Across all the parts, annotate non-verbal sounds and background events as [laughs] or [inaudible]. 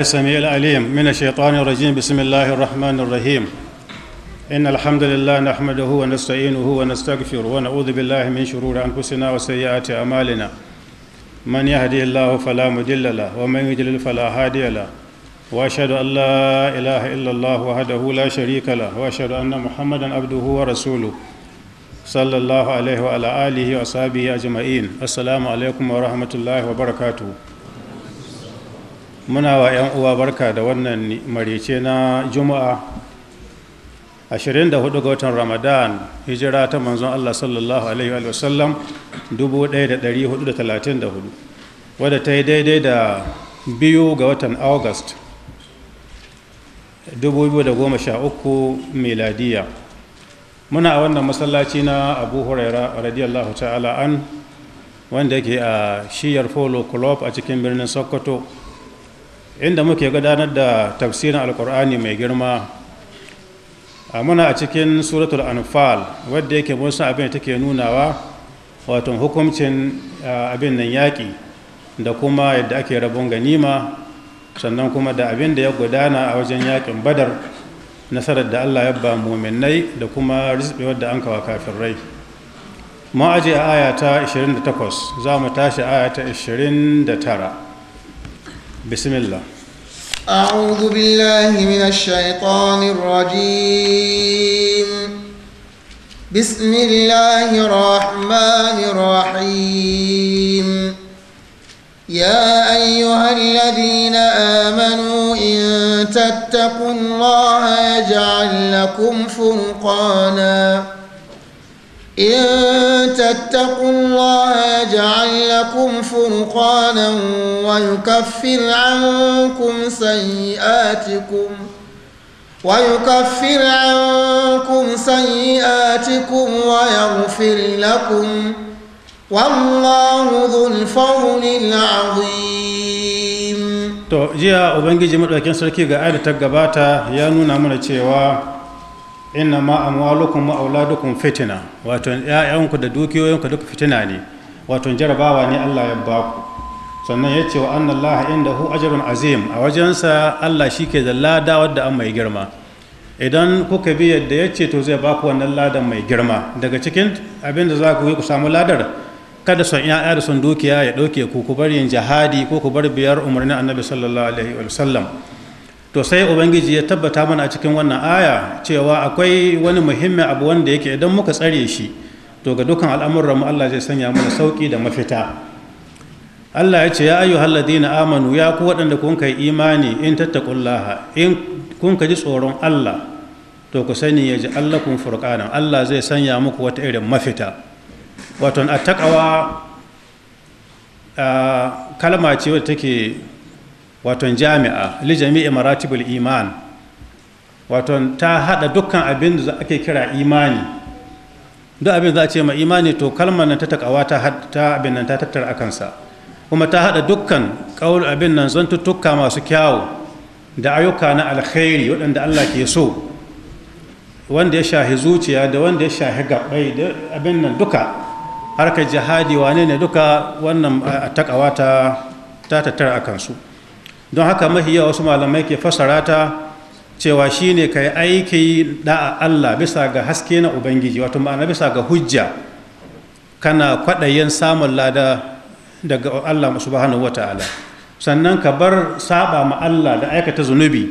السميع العليم من الشيطان الرجيم بسم الله الرحمن الرحيم إن الحمد لله نحمده ونستعينه ونستغفره ونعوذ بالله من شرور أنفسنا وسيئات أعمالنا من يهدي الله فلا مضل له ومن يضلل فلا هادي له وأشهد أن لا إله إلا الله وحده لا شريك له وأشهد أن محمدا عبده ورسوله صلى الله عليه وعلى آله وأصحابه أجمعين السلام عليكم ورحمة الله وبركاته muna wa 'yan uwa barka da wannan marice na juma'a 24 ga watan ramadan hijira ta manzon allah sallallahu alaihi sallam 1434 wadda ta yi daidai da biyu ga watan august 2013 miladiya muna a wannan masallaci na abu huraira radiyallahu ta'ala an wanda yake a shiyar polo club a cikin birnin sokoto inda muke gudanar da tafsirin alkur'ani mai girma a muna a cikin suratul anfal wadda yake musu abin take nunawa wato hukumcin abin nan yaƙi da kuma yadda ake rabon ganima sannan kuma da abin da ya gudana a wajen yaƙin badar nasarar da allah ya ba muminai da kuma rizbewar wadda an kawa kafirai mun aje a aya ta 28 za mu tashi aya ta 29 bismillah أعوذ بالله من الشيطان الرجيم بسم الله الرحمن الرحيم يا أيها الذين آمنوا إن تتقوا الله يجعل لكم فرقانا إن تتقوا الله يجعل لكم فرقانا ويكفر عنكم سيئاتكم ويكفر عنكم سيئاتكم ويغفر لكم والله ذو الفضل العظيم تو jiya وبنجي madaukakin لكن ga قاعدة تقباتا يا نونا nuna mana inna ma amwalukum wa auladukum fitina wato ƴaƴanku da dukiyoyinku duka fitina ne wato jarabawa ne Allah ya baku sannan ya ce wa anna Allah indahu ajrun azim a wajensa Allah shi shike da lada wadda an mai girma idan kuka bi yadda ya ce to zai baku wannan ladan mai girma daga cikin abinda da za ku yi ku samu ladar kada son ƴaƴa da son dukiya ya ɗauke ku ku bar yin jihadi ko ku bar biyar umarnin annabi sallallahu alaihi wa sallam to sai ubangiji ya tabbata mana a cikin wannan aya cewa akwai wani muhimmin abu wanda yake idan muka tsare shi to ga dukkan mu Allah zai sanya mana sauki da mafita Allah ya ce ya ayu halladina amanu ya ku waɗanda kun kai imani in tattaqullaha in kun ka ji tsoron Allah to ku sani ya ji allakun furqanan Allah zai sanya muku wata irin mafita wato a takawa ah, kalma ce wadda take waton jami'a li jami'i maratibul iman waton ta hada dukkan abin da ake kira imani duk abin za a ce ma imani to kalmar nan ta takawa ta ta abin nan ta tattara akansa kuma ta hada dukkan kaul abin nan zantuttuka masu kyawu da ayyuka na alkhairi waɗanda Allah ke so wanda ya shahi zuciya da wanda ya shahi gabai da abin nan duka harkar jihadi wane ne duka wannan takawa ta tattara a kansu don haka mahiya wasu malamai ke fasara ta cewa shine ka yi aiki a Allah bisa ga haske na Ubangiji wato ma'ana bisa ga hujja kana kwaɗayen samun lada daga Allah subhanahu wa ta'ala sannan ka bar saba ma Allah da aikata zunubi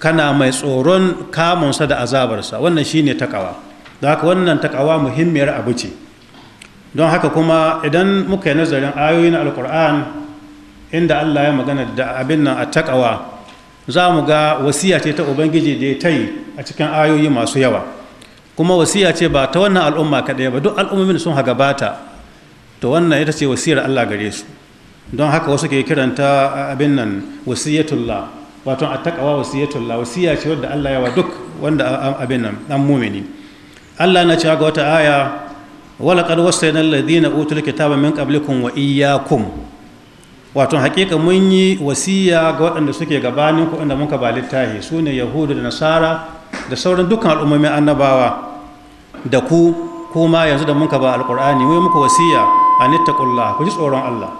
kana mai tsoron kamunsa da azabarsa wannan shine takawa don haka wannan takawa muhimmiyar abu ce don haka kuma idan muka yi nazarin ayoyin alkur'an inda Allah ya magana da abin nan a takawa za mu ga wasiya ce ta ubangiji da ya ta yi a cikin ayoyi masu yawa kuma wasiya ce ba ta wannan al'umma kaɗai ba duk al'ummomin sun haga bata to wannan ita ce wasiyar Allah gare su don haka wasu ke kiranta abin nan wasiyatullah wato a takawa wasiyatullah wasiya ce wadda Allah ya wa duk wanda abin nan dan mumini Allah na cewa ga wata aya walaqad wasayna alladhina utul kitaba min qablikum wa iyyakum wato hakika mun yi wasiya ga waɗanda suke gabanin ku inda muka ba littahi su ne yahudu da nasara da sauran dukkan al'ummomin annabawa da ku kuma yanzu da muka ba alƙur'ani mun yi muku wasiya a nittaƙullah ku ji tsoron allah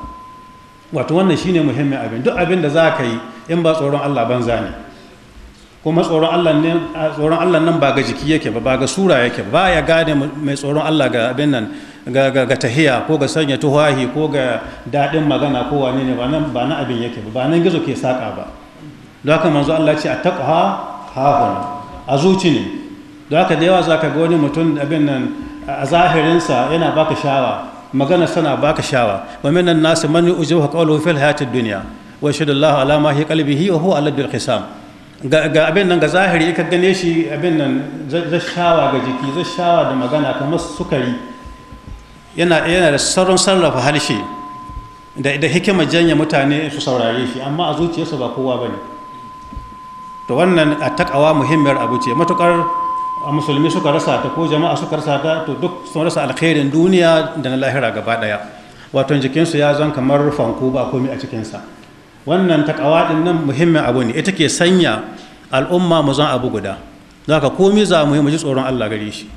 wato wannan shine muhimmin abin duk abin da za ka yi in ba tsoron allah banza ne kuma tsoron allah nan ba ga jiki yake ba ba ga sura yake ba ya gane mai tsoron allah ga abin nan ga tahiya ko ga sanya tuhahi ko ga daɗin magana ko wane ne ba na abin yake ba nan gizo ke saƙa ba don haka manzo Allah ce a taƙwa hahun a zuci ne don haka da yawa za ka ga wani mutum abin nan a zahirinsa yana baka shawa magana sana baka shawa wa minan nasu man yu'jibu qawluhu fil hayatid dunya wa yashhadullahu ala ma hi qalbihi wa huwa aladul khisam ga abin nan ga zahiri ka gane shi abin nan zashawa ga jiki zashawa da magana kamar sukari yana yana da sauran sarrafa harshe da da hikimar janye mutane su saurare shi amma a zuciyarsa ba kowa bane to wannan a takawa muhimmiyar abu ce matukar musulmi suka rasa ta ko jama'a suka rasa ta to duk sun rasa alkhairin duniya da na lahira gaba daya wato jikinsu ya zan kamar fanko ba komai a cikinsa wannan takawa din nan muhimmin abu ne ita ke sanya al'umma mu zan abu guda zaka komi za mu yi mu ji tsoron Allah gare shi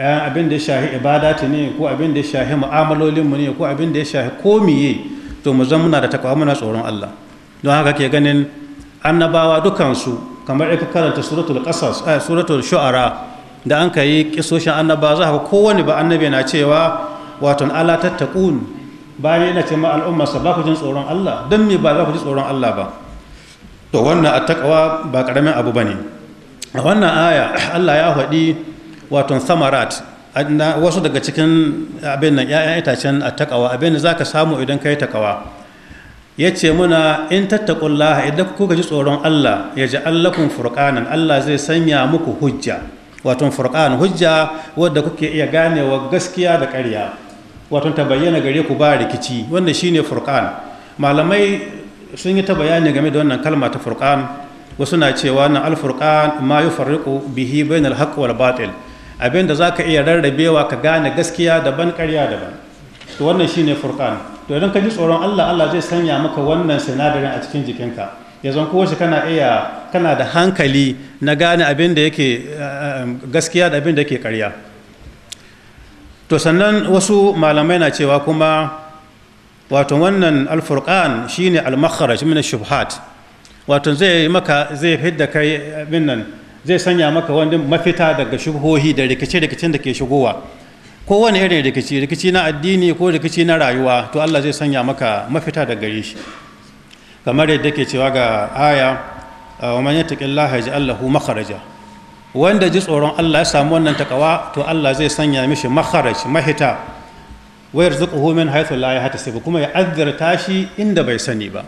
Eh, abin da ya shahi ibadati ne ko abin da ya shahi mu'amalolinmu ne ko abin da ya shahi komiye to mu zan muna da takawa muna tsoron Allah don haka ke ganin annabawa dukansu kamar ka karanta suratul qasas eh, suratul shu'ara da an ka yi kisoshin annabawa. za ka kowane ba annabi na cewa waton ala tattakun bayan yana ce ma al'umma sa ba ku jin tsoron Allah don me ba za ku ji tsoron Allah ba to wannan attaqwa ba karamin abu bane a wannan aya Allah ya faɗi waton samarat wasu daga cikin abin nan ‘ya'yan itacen a takawa abin da za ka samu idan ka yi takawa ya ce muna in tattakullah idan kuka ji tsoron Allah ya ji allakun furƙanan Allah zai sanya muku hujja wato furƙan hujja wadda kuke iya ganewa gaskiya da karya wato ta bayyana gare ku ba rikici wannan shine furƙan malamai sun yi ta bayani game da wannan kalma ta furƙan wasu na cewa na alfurƙan ma farriku bihi bainal haqq wal batil abin da za ka iya rarrabewa ka gane gaskiya daban karya daban to wannan shine furqan to idan ka ji tsoron Allah Allah zai sanya maka wannan sinadarin a cikin jikinka ya zan kowace kana iya kana da hankali na gane abin da yake eh, gaskiya da abin da yake karya to sannan wasu malamai na cewa kuma wato wannan alfurqan shine al min ash-shubhat wato zai maka zai fidda kai eh, abin nan zai sanya maka wani mafita daga shubhohi da rikice-rikicen da ke shigowa kowane irin rikici rikici na addini ko rikici na rayuwa to Allah zai sanya maka mafita daga gare shi kamar yadda ke cewa ga aya wa man yattaqillaha yaj'al lahu makharaja wanda ji tsoron Allah ya samu wannan takawa to Allah zai sanya mishi makharaj mahita wa yarzuquhu min haythu la yahtasib kuma ya azzarta shi inda bai sani ba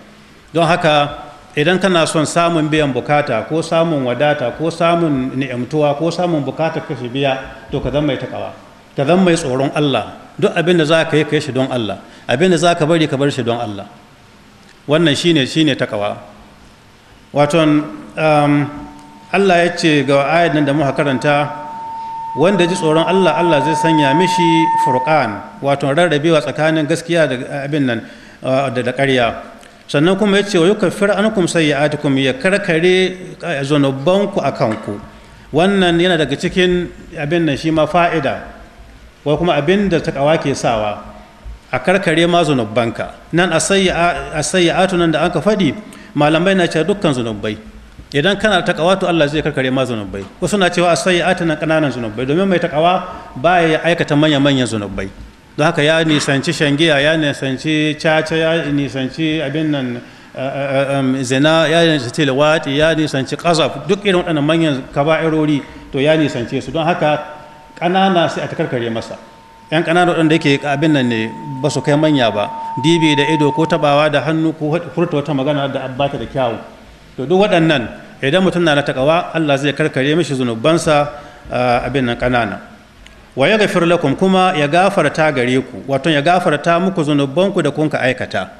don haka idan kana son samun biyan bukata ko samun wadata ko samun ni'amtuwa ko samun bukata ka biya to ka zama mai takawa ka zama mai tsoron Allah duk abin da za ka yi ka shi don Allah abin da za ka bari ka bar shi don Allah wannan shine shine takawa waton um, Allah ya ce ga ayat nan da muka karanta wanda ji tsoron Allah Allah zai sanya mishi furqan wato rarrabewa tsakanin gaskiya da abin nan uh, da ƙarya sannan kuma ya ce wa yukaffir ankum sayyi'atikum ya karkare zanubanku a kanku wannan yana daga cikin abin nan shi ma fa'ida wa kuma abin da takawa ke sawa a karkare ma zanubanka nan a sayyi'atu nan da aka faɗi malamai na cewa dukkan zanubai idan kana takawa to Allah zai karkare ma zanubai wasu na cewa a sayyi'atu nan ƙananan zanubai domin mai takawa ba ya aikata manya-manyan zanubai don haka ya nisanci shangiya ya nisanci caca ya nisanci abin nan eh, eh, eh, um, zina ya nisanci lawati ya nisanci kazaf duk irin waɗannan manyan kaba'irori to ya nisance su don haka ƙanana sai a ta karkare masa yan ƙanana waɗanda yake abin nan ne ba su kai manya ba dibi da ido ko tabawa da hannu ko furta wata magana da abbata da kyawu to duk waɗannan idan mutum na na takawa allah zai karkare mishi zunubansa abin nan ƙanana wa ya gafir lakum kuma ya gafarta gare ku wato ya gafarta muku zunubanku da kunka aikata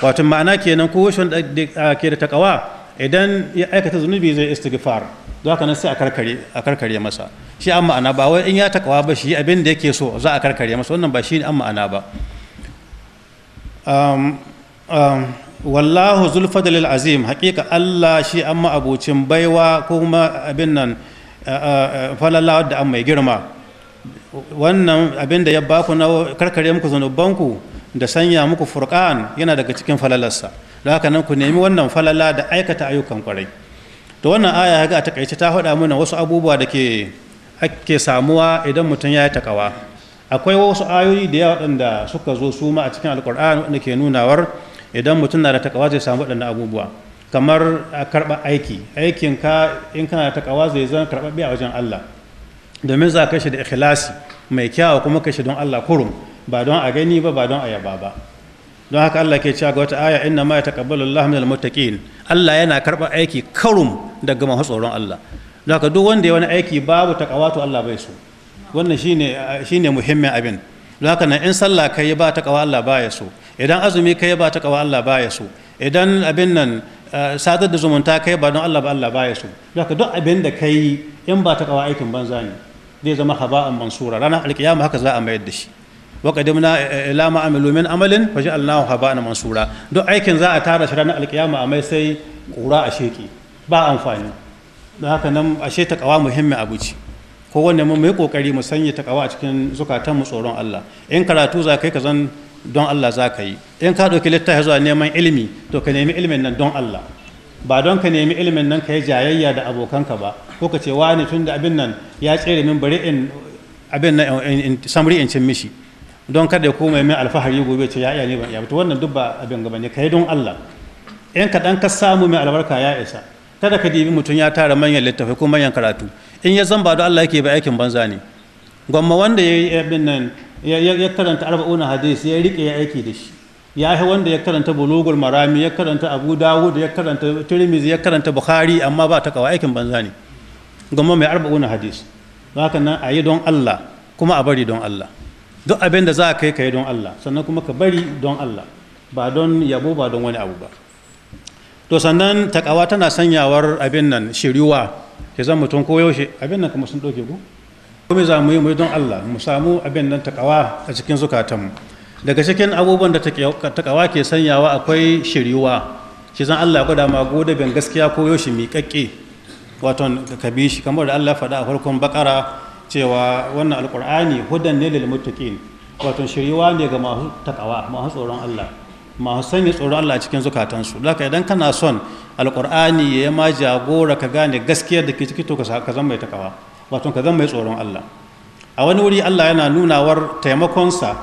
wato ma'ana kenan ko washon da ke da takawa idan ya aikata zunubi zai istighfar za ka nan sai a karkare masa shi an ma'ana ba wai in ya takawa ba shi abin da yake so za a karkare masa wannan ba shi an ma'ana ba wallahu zulfadalil azim hakika Allah shi an ma'abucin baiwa ko kuma abin nan falala da an mai girma wannan abin da ya baku na karkare muku zanubanku da sanya muku furkan yana daga cikin falalarsa Da haka nan ku nemi wannan falala da aikata ayyukan kwarai to wannan aya ga a takaice ta faɗa mana wasu abubuwa da ke ake samuwa idan mutum ya yi takawa akwai wasu ayoyi da yawa waɗanda suka zo su ma a cikin alkur'an wanda ke nunawar idan mutum na da takawa zai samu waɗannan abubuwa kamar a karɓa aiki aikinka in kana da takawa zai zan karɓaɓɓe a wajen allah domin za ka shi da ikhlasi mai kyawa kuma ka shi don Allah kurum ba don a gani ba ba don a yaba ba don haka Allah ke cewa ga wata aya inna ma yataqabbalu Allahu minal muttaqin Allah yana karɓar aiki karum daga masu tsoron Allah don haka duk wanda ya wani aiki babu takawa to Allah bai so wannan shine shine muhimmin abin don haka nan in sallah kai ba takawa Allah baya so idan azumi kai ba takawa Allah baya so idan abin nan eh, sadar da zumunta kai ba don Allah ba Allah baya so don haka duk abin da kai in ba takawa aikin banza ne zai zama haba'an mansura ranar alkiyama haka za a mayar da shi wa qadimna ila eh, ma amilu min amalin fa ja'alnahu haba'an mansura duk aikin za a tara shi ranar alkiyama a mai sai kura a sheki ba amfani don haka nan ashe ta kawa muhimmin abu ce ko mu mai kokari mu sanya ta kawa a cikin zukatan mu tsoron Allah in karatu za kai ka zan don Allah za ka yi in ka ɗauki littafi zuwa neman ilimi to ka nemi ilimin nan don Allah ba don ka nemi ilimin nan ka yi jayayya da abokanka ba ko ka ce wani tun da abin nan ya tsere min bari in abin nan in samri in cin mishi don kada ya koma min alfahari gobe ce ya iya ne ban iya to wannan duk abin gaba ne kai don Allah in ka dan ka samu mai albarka ya isa kada ka dibi mutum ya tara manyan littafai ko manyan karatu in ya ba da Allah yake ba aikin banza ne gwamma wanda ya yi abin nan ya karanta arba'una hadis ya rike ya aiki da shi ya yi wanda ya karanta bulugul marami ya karanta abu dawud ya karanta tirmizi ya karanta bukhari amma ba ta kawo aikin banza ne gama mai wani hadis za ka nan a yi don Allah kuma a bari don Allah duk abin da za ka yi ka yi don Allah sannan kuma ka bari don Allah ba don yabo ba don wani abu ba to sannan takawa tana sanyawar abin nan shiriwa ya zan mutum ko yaushe abin nan kuma sun ɗauke ku kuma za mu yi don Allah mu samu abin nan takawa a cikin zukatanmu daga cikin abubuwan da takawa ke sanyawa akwai shiriwa shi zan Allah ya gwada ma bin gaskiya ko yaushe miƙaƙƙe waton ka bi shi kamar da Allah faɗa a farkon bakara cewa wannan Alƙur'ani hudan ne lil muttaqin waton shiriwa ne ga masu takawa masu tsoron Allah masu sanya tsoron Allah cikin cikin su laka idan kana son Alƙur'ani ya ma jagora ka gane gaskiyar da ke ciki to ka zama mai takawa wato ka zama mai tsoron Allah a wani wuri Allah yana nunawar taimakonsa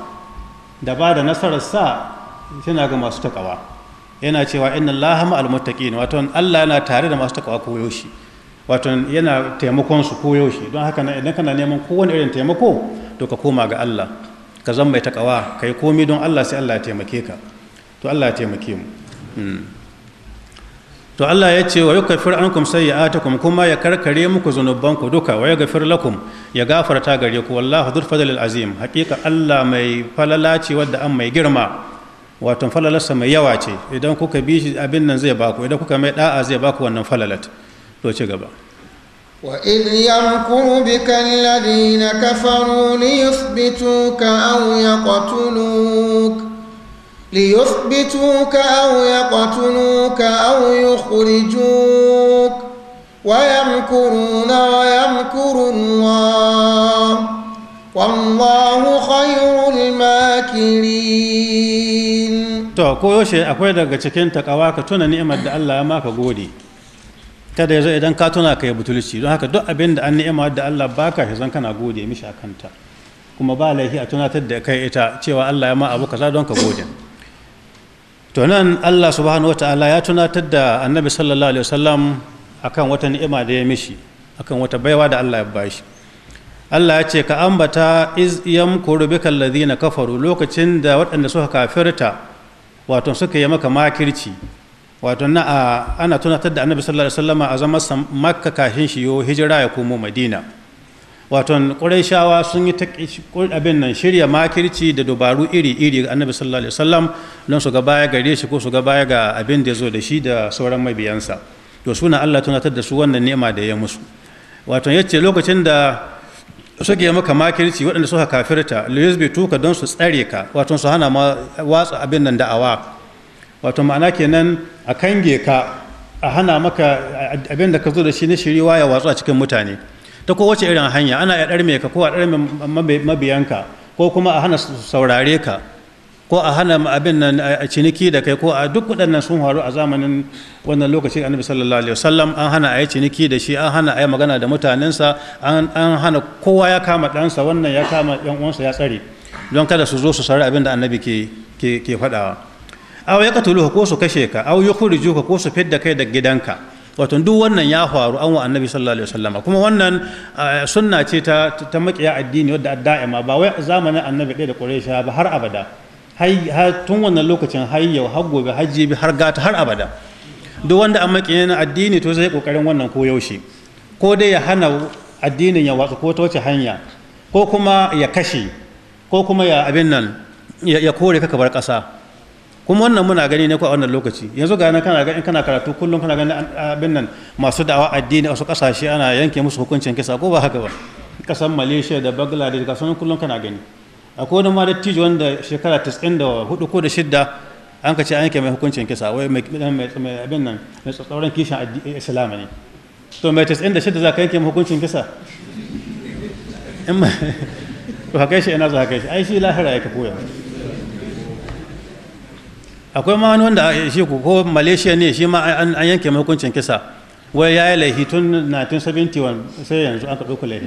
da ba da sa tana ga masu takawa yana cewa inna allaha ma'al muttaqin wato Allah yana tare da masu takawa koyaushe wato yana taimakon su koyaushe don haka idan kana neman kowane irin taimako to ka koma ga Allah ka zan mai takawa ka yi komi don Allah sai Allah ya taimake ka to Allah ya taimake mu hmm. to Allah ya ce wa ya ata kum kuma ya karkare muku ku duka wa ga lakum ya gafarta gare ku wallahu dhul al azim haqiqa Allah mai falala ce wadda an mai girma wato falalarsa mai yawa ce idan kuka bi shi abin nan zai baku idan kuka mai da'a zai baku wannan falalat zo ci gaba wa yamkuru bika alladhina kafaru li yuthbituka aw yaqtuluka li ka aw yaqtuluka aw yukhrijuka wa yamkuruna wa yamkuru wa Allahu khayrul makirin to ko yoshe akwai daga cikin takawa ka tuna ni'imar da Allah ya maka gode kada ya zo idan ka tuna ka yi butulci don haka duk abin da an ni'ima da Allah baka shi zan kana gode mishi a kanta kuma ba laifi a tunatar da kai ita cewa Allah ya ma abu kaza don ka gode to nan Allah subhanahu wataala ya tunatar da annabi sallallahu alaihi wasallam akan wata ni'ima da ya mishi akan wata baiwa da Allah ya bashi Allah ya ce ka ambata iz yamkuru bika alladhina kafaru lokacin da waɗanda suka kafirta wato suka yi maka makirci wato na ana tunatar da annabi sallallahu alaihi wasallama a zama makka kafin shi yo hijira ya komo madina wato qurayshawa sun yi abin nan shirya makirci da dubaru iri iri ga annabi sallallahu alaihi wasallam don su ga baya gare shi ko su ga baya ga abin da ya zo da shi da sauran mabiyansa to suna Allah tunatar da su wannan ni'ima da ya musu wato yace lokacin da suke maka makirci waɗanda suka kafirta tuka don su tsare ka wato su hana ma watsa abin nan da'awa wato ma'ana kenan a kange ka a hana maka abin da ka zo da shi na shiriwa ya watsu a cikin mutane ta kowace irin hanya ana ya ɗarme ka ko a ɗarme mabiyanka ko kuma a hana saurare ka ko a hana abin nan a ciniki da kai ko a duk waɗannan sun faru a zamanin wannan lokacin annabi sallallahu alaihi wasallam an hana a ciniki da shi an hana a magana da mutanensa an hana kowa ya kama ɗansa wannan ya kama ɗan uwansa ya tsare don kada su zo su saurari abin da annabi ke faɗawa aw ya katulu ko su kashe ka aw yukhriju ko su fidda kai da gidanka wato duk wannan ya faru an wa annabi sallallahu alaihi wasallam kuma wannan eh, sunna ce ta ta makiya addini wadda da'ima ba wai zamanin annabi ɗaya da quraisha ba har abada har tun wannan lokacin har yau har gobe har jibi har gata har abada duk wanda an makiya addini to zai kokarin wannan ko yaushe ko dai ya hana addinin ya watsu ko ta wace hanya ko kuma ya kashe ko kuma ya abin nan ya kore kaka bar ƙasa kuma wannan muna gani ne ko a wannan lokaci yanzu ga nan kana gani kana karatu kullum kana gani abin nan masu da'awa addini a wasu kasashe ana yanke musu hukuncin kisa ko ba haka ba kasan malaysia da bangladesh ga sunan kullum kana gani akwai wani ma dattijo wanda shekara 94 ko da shida an ka ce an yanke mai hukuncin kisa wai mai mai abin nan mai tsatsauran kishin eh, islam ne to mai 96 za ka yanke mai hukuncin kisa [laughs] to haka shi ina za ka shi ai shi lahira yake koyawa akwai ma wani wanda shi ko malaysia ne shi ma an yanke mai hukuncin kisa wai ya yi laifi tun 1971 sai yanzu an ka ku laifi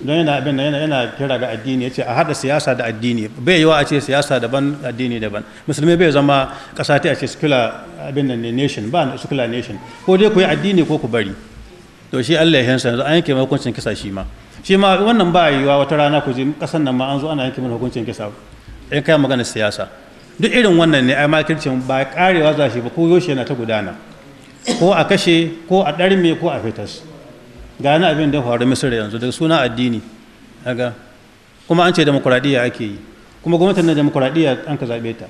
don yana abin yana yana kira ga addini yace a hada siyasa da addini bai yi wa a ce siyasa daban addini daban musulmi bai zama kasa ta ce secular abin nan ne nation ba secular nation ko dai ku yi addini ko ku bari to shi Allah ya hansa yanzu an yanke mai hukuncin kisa shi ma shi ma wannan ba yi wa wata rana ku je kasan nan ma an zo ana yanke mai hukuncin kisa in kai magana siyasa duk irin wannan ne ai makircin ba karewa za shi ba ko yoshe na ta gudana ko a kashe ko a ɗarme ko a fitas gani abin da faru misira yanzu daga suna addini daga kuma an ce demokuraɗiyya ake yi kuma gwamnatin na demokuraɗiyya an ka zaɓe ta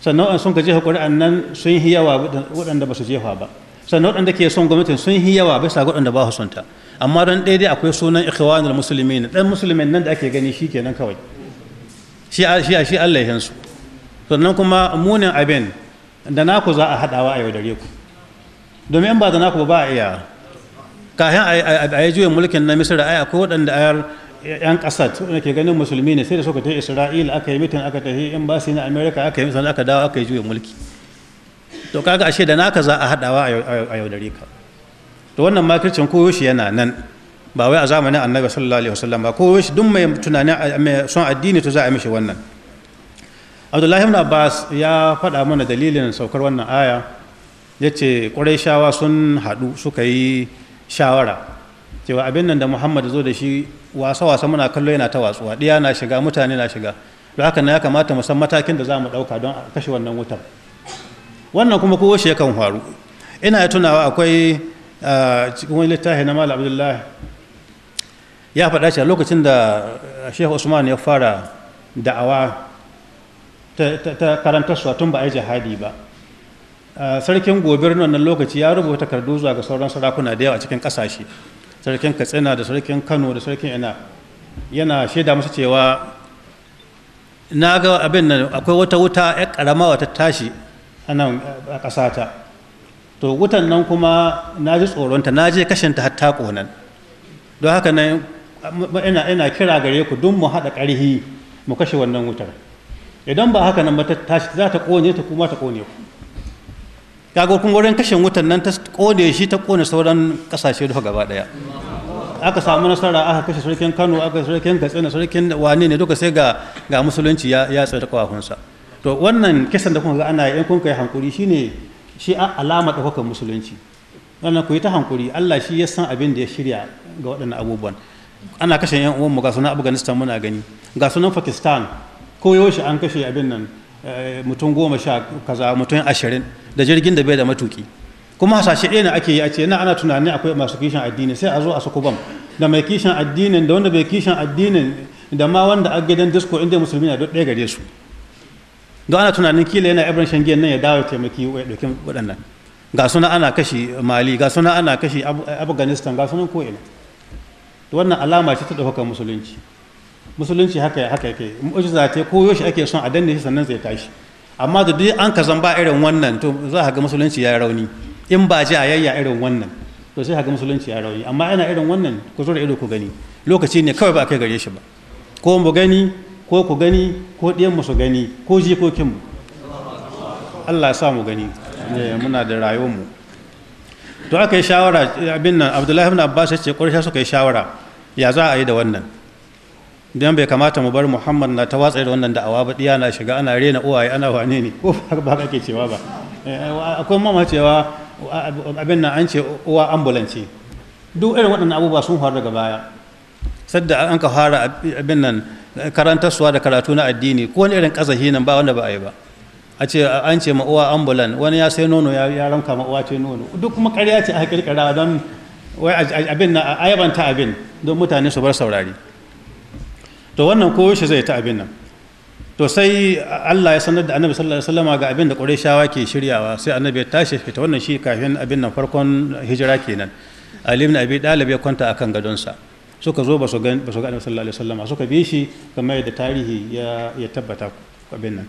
sannan an sun ka jefa ƙuri'an nan sun yi yawa waɗanda ba su jefa ba sannan waɗanda ke son gwamnatin sun yi yawa bisa ga waɗanda ba su son ta amma don daidai akwai sunan ikhwanul muslimin dan musulmin nan da ake gani shi kenan kawai shi a shi Allah ya sannan kuma munin abin da naku za a haɗawa a yaudare ku domin in ba da naku ba a iya kafin a yi juyin mulkin na misira ai akwai waɗanda ayar yan ƙasar wanda ke ganin musulmi ne sai da suka ta isra'ila aka yi mitin aka tafi in ba su na amerika aka yi sannan aka dawo aka yi juyin mulki to kaga ashe da naka za a haɗawa a yaudare ka to wannan makircin koyo shi yana nan ba wai a zamanin annabi sallallahu alaihi wasallam ba koyo shi duk mai tunanin mai son addini to za a mishi wannan abdullahi ibn abbas ya faɗa mana dalilin saukar wannan aya ya ce shawa sun haɗu suka yi shawara cewa abin nan da muhammad zo da shi wasa-wasa muna kallo yana ta watsuwa ɗiya na shiga mutane na shiga da haka na ya kamata mu san matakin da za mu ɗauka don a kashe wannan wutar wannan kuma kowa shi yakan faru ina ya tunawa akwai cikin wani littafi na malam abdullahi ya faɗa shi a lokacin da shehu usman ya fara da'awa ta a tun ba a yi jihadi ba sarkin gobir wannan lokaci ya rubuta takardu zuwa ga sauran sarakuna da yawa cikin ƙasashe sarkin katsina da sarkin kano da sarkin ina yana shaida musu cewa na ga abin nan akwai wata wuta ya karama wata tashi a nan a ƙasata to wutan nan kuma na ji tsoronta na je kashinta hatta ƙonan don haka nan ina kira gare ku don mu haɗa ƙarhi mu kashe wannan wutar idan ba haka nan ba tashi za ta kone ta kuma ta kone ku ga kun gurin kashin wutan nan ta kone shi ta kone sauran kasashe duka gaba daya aka samu nasara aka kashe sarkin Kano aka sarkin Katsina sarkin wane ne duka sai ga ga musulunci ya ya tsaya to wannan kisan da kun ga ana yi kun kai hankuri shine shi alama ɗaukakar musulunci wannan ku yi ta hankuri Allah shi ya san abin da ya shirya ga waɗannan abubuwan ana kashe yan uwan mu ga sunan Afghanistan muna gani ga sunan Pakistan ko yaushe an kashe abin nan eh, mutum goma sha kaza mutum ashirin da jirgin da bai da matuki kuma hasashe ɗaya ne ake yi a ce na ana tunanin akwai masu kishin addini sai a zo a sako bam da mai kishin addinin da wanda bai kishin addinin da ma wanda a gidan disko inda musulmi na ɗaya gare su don ana tunanin kila yana shan shangiyan nan ya dawo taimaki ya ɗauki waɗannan ga suna ana kashi mali ga suna ana kashi afghanistan ga suna ko'ina wannan alama ce ta ɗaukaka musulunci musulunci haka haka yake mu'jiza ce koyo shi ake son a danne shi sannan zai tashi amma da duk an kazan ba irin wannan to za a ga musulunci ya rauni in ba ji a yayya irin wannan to sai a ga musulunci ya rauni amma yana irin wannan ku zo da ido ku gani lokaci ne kawai ba kai gare shi ba ko mu gani ko ku gani ko ɗiyan mu su gani ko jikokin mu Allah ya sa mu gani eh, muna da rayuwar mu to aka yi shawara abin nan Abdullahi ibn Abbas ya ce ƙarshe suka yi shawara ya za a yi da wannan don bai kamata mu bar muhammad na ta watsa da wannan da'awa ba ɗiya na shiga ana rena uwaye ana wane ne ko ba kake cewa ba eh, akwai mama cewa abin nan an ce uwa ambulance. duk irin waɗannan abubuwa sun faru daga baya sadda an ka fara abin nan karantarsuwa da karatu na addini ko wani irin ƙasashe nan ba wanda ba a yi ba a ce an ce ma'uwa ambulan wani ya sai nono ya ranka ma'uwa ce nono duk kuma karya ce a hakirkara don wai abin na ayabanta abin don mutane su bar saurari to wannan ko shi zai ta abin nan to sai Allah ya sanar da annabi sallallahu alaihi wasallama ga abin da Qurayshawa ke shiryawa sai annabi ya tashi fita wannan shi kafin abin nan farkon hijira kenan Ali ibn Abi Talib ya kwanta akan gadon sa, suka zo ba su ga ba su ga annabi sallallahu alaihi wasallama suka bi shi kamar yadda tarihi ya ya tabbata abin nan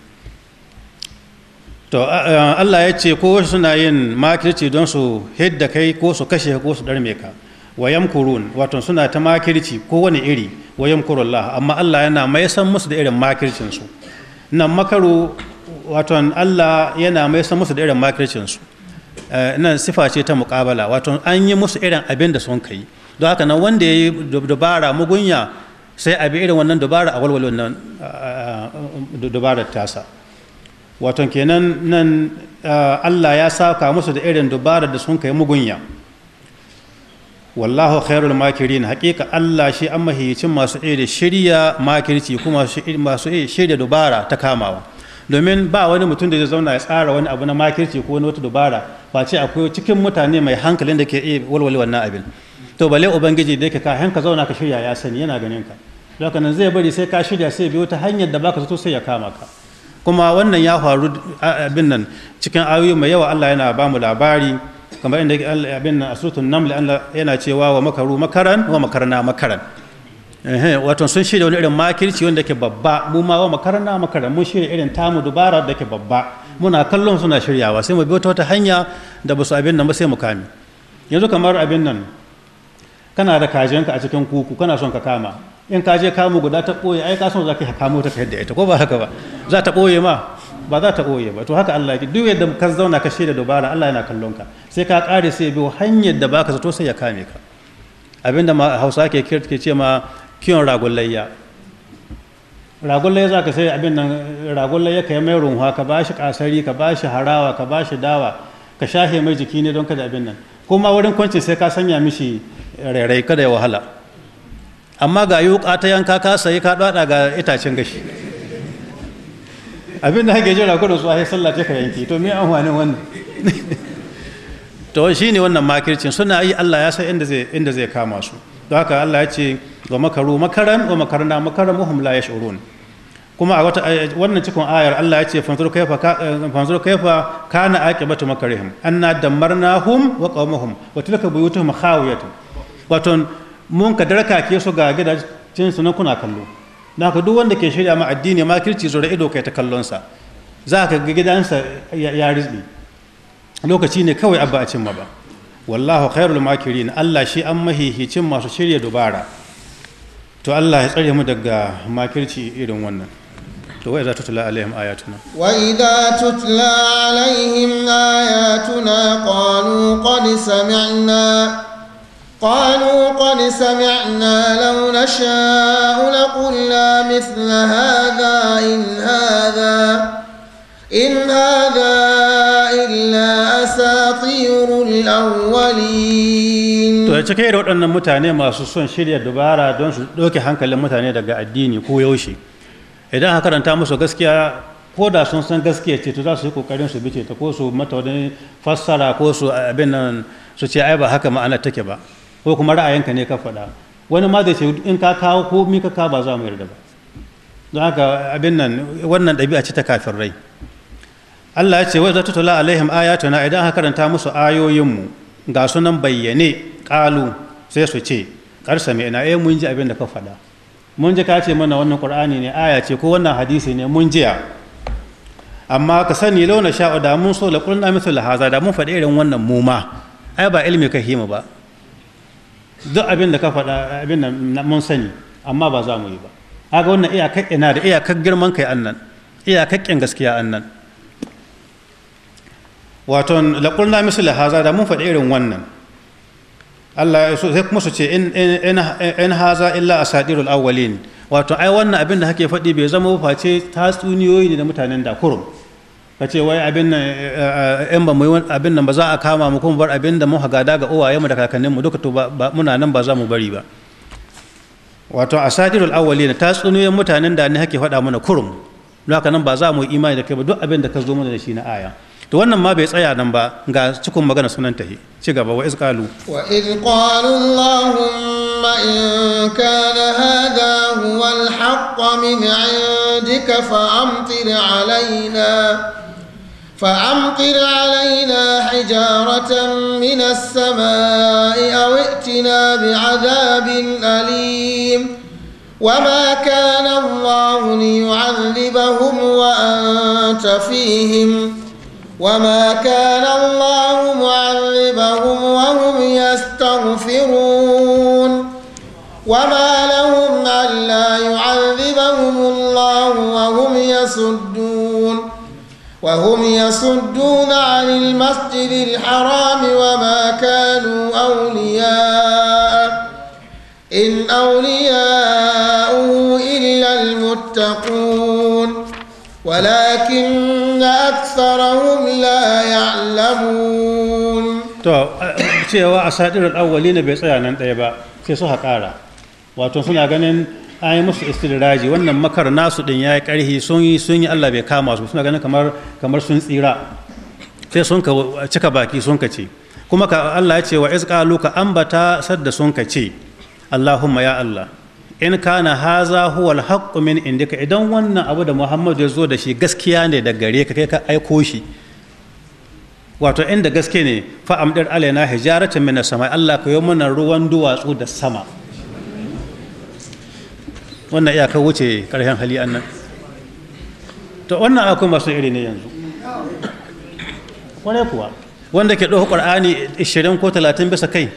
to Allah ya ce ko suna yin makirci don su hidda kai ko su kashe ko su darme ka wa kurun wato suna ta makirci kowane iri wa la amma Allah yana mai san musu da irin makircin su nan makaru wato Allah yana mai san musu da irin makircin su eh, nan sifa ce ta muƙabala wato an yi musu irin abin da sun kai don haka nan wanda ya yi dubara mugunya sai a bi irin wannan dubara a walwal wannan eh, eh, dubara tasa wato kenan nan Allah ya saka musu da irin dubara da sun kai mugunya wallahu khairul makirin haƙiƙa Allah shi an mahiyicin masu iri shirya makirci kuma masu iri shirya dubara ta kamawa domin ba wani mutum da zai zauna ya tsara wani abu na makirci ko wani wata dubara ba ce akwai cikin mutane mai hankalin da ke iya walwale wannan abin to bale ubangiji da yake ka hanka zauna ka shirya ya sani yana ganin ka lokacin zai bari sai ka shirya sai biyu ta hanyar da baka zato sai ya kama ka kuma wannan ya faru abin nan cikin ayoyi mai yawa Allah yana ba mu labari kamar inda abin na asutun namli yana cewa wa makaru makaran wa makarna makaran wato sun shirya wani irin makirci wanda ke babba mu ma wa makarna makaran mun shirya irin tamu dubara da ke babba muna kallon suna shiryawa sai mu bi wata hanya da ba su abin nan ba sai mu kame yanzu kamar abin nan kana da kajinka a cikin kuku kana son ka kama in ka je kamu guda ta ɓoye ai ka son za ka kamo ta ka yadda ita ko ba haka ba za ta ɓoye ma ba za ta ɓoye ba to haka Allah ya duk yadda ka zauna ka shaida dubara Allah yana kallon ka sai ka ƙare sai biyo hanyar da baka zato sai ya kame ka abinda ma Hausa ke ke ce ma kiyon ragullayya layya za ka sai abin nan ragullayya layya ka yi mai runwa ka bashi kasari ka bashi harawa ka bashi dawa ka shahe mai jiki ne don kada abin nan kuma wurin kwancin sai ka sanya mishi rairai kada ya wahala amma ga wuƙa ta yanka ka sayi ka dada ga itacen gashi abin da hake jira kudin su a sallah ta ka yanki to me amfanin wannan to shi ne wannan makircin suna yi allah ya san inda zai kama su don haka allah ya ce wa makaru makaran wa makarna makaran muhum la yash'urun kuma a wata wannan cikin ayar allah ya ce fanzur kaifa fanzur na kana aqibatu makarihim anna dammarnahum wa qaumahum wa tilka buyutuhum khawiyatun wato mun ka darka ke su ga gidajen su nan kuna kallo na ka duk wanda ke shirya ma addini ma kirci da ido kai ta kallonsa za ka ga gidansa ya rizbi lokaci ne kawai abba a cimma ba wallahu khairul makirin Allah shi an mahihicin masu shirya dubara to Allah ya tsare mu daga makirci irin wannan to wa idza tutla alaihim ayatuna wa idza tutla alaihim ayatuna qalu qad sami'na قالوا قد سمعنا لو نشاء لقلنا مثل هذا إن هذا إن هذا إلا أساطير الأولين to cike da waɗannan mutane masu son shirya dubara don su ɗauke hankalin mutane daga addini ko yaushe idan aka karanta musu gaskiya ko da sun san gaskiya ce to za su yi ƙoƙarin su bice ta ko su mata wani fassara ko su abin nan su ce ai ba haka ma'ana take ba ko kuma ra'ayinka ne ka faɗa wani ma zai ce in ka kawo ko mi ka kawo ba za mu yarda ba don haka abin nan wannan ɗabi'a ce ta kafin rai Allah ya ce wa ta tula alaihim ayatuna idan aka karanta musu ayoyinmu ga sunan bayyane ƙalu sai su ce karsa mai ina eh mun ji abin da ka faɗa mun ji ka ce mana wannan qur'ani ne aya ce ko wannan hadisi ne mun jiya amma ka sani launa sha'u da mun so la qulna mithla haza da mun faɗi irin wannan muma ai ba ilmi hima ba duk abin da ka faɗa abin da mun sani amma ba za mu yi ba haka wannan iyakar ina da iyakar girman kai annan iyakar ƙin gaskiya annan wato laƙulna misali haza da mun faɗi irin wannan Allah sai kuma su ce in haza illa a asadirul awwalin wato ai wannan abin da hake faɗi bai zama face tatsuniyoyi ne da mutanen da kurum ka ce wai abin nan yan eh, eh, ba mu abin nan ba za a kama mu kuma bar abin da mu hagada ga uwaye mu da kakannin mu duka to muna nan ba za mu bari ba wato asatirul awwalina na tsunuyen mutanen da ne hake faɗa mana kurum haka nan ba za mu yi imani da kai ba duk abin da ka zo mana da shi na aya to wannan ma bai tsaya nan ba ga cikin magana sunan ta ci gaba wa izqalu wa izqalu allahumma in kana hada huwa alhaq min indika fa amtir alaina فأمطر علينا حجارة من السماء أو ائتنا بعذاب أليم وما كان الله ليعذبهم وأنت فيهم وما كان الله معذبهم وهم يستغفرون وما لهم ألا يعذبهم الله وهم يصدون وهم يصدون عن المسجد الحرام وما كانوا أولياء إن أولياءه إلا المتقون ولكن أكثرهم لا يعلمون تو a an yi musu istiraji wannan makar nasu din ya yi ƙarhi sun yi sun yi Allah bai kama su suna ganin kamar sun tsira sai sun ka cika baki sun ka ce kuma ka Allah ya ce wa izqalu ka ambata sadda sun ka ce Allahumma ya Allah in kana haza huwal alhaq min indika idan wannan abu da Muhammadu ya zo da shi gaskiya ne da gare ka kai ka aiko shi wato inda gaske ne fa amdir alaina hijaratan min as-sama Allah ka yi mana ruwan duwatsu da sama wannan iyakar wuce ƙarshen hali annan to wannan akwai masu iri ne yanzu kwarai kuwa wanda ke ɗauka ƙwar'ani 20 ko 30 bisa kai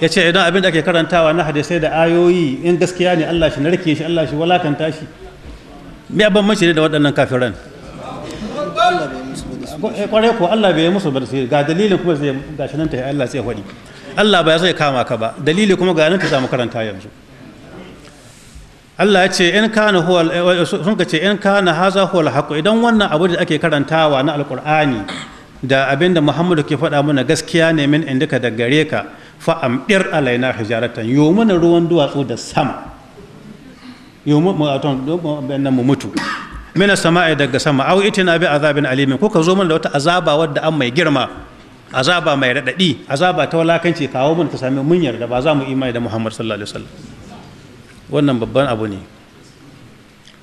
ya ce idan abin da ke karantawa na hadisai da ayoyi in gaskiya ne Allah shi narke shi Allah shi walakanta shi me abin mace ne da waɗannan kafiran kwarai kuwa Allah bai yi musu ba ga dalilin kuma zai gashi nan ta Allah sai faɗi Allah ba ya zai kama ka ba dalili kuma ga nan ta samu karanta yanzu Allah ya ce in kana huwa sun ka ce in kana haza huwa alhaqu idan wannan abu da ake karantawa na alqur'ani da abin da Muhammadu ke faɗa mana gaskiya ne min indika da gare ka fa amdir alaina hijaratan yumuna mana ruwan duwatsu da sama yumu mu mu mutu mina sama'i daga sama au itina bi azabin alimin ka zo mana da wata azaba wadda an mai girma azaba mai raɗaɗi azaba ta walakanci kawo mun ta sami mun yarda ba za mu imani da Muhammad sallallahu alaihi wasallam wannan babban abu ne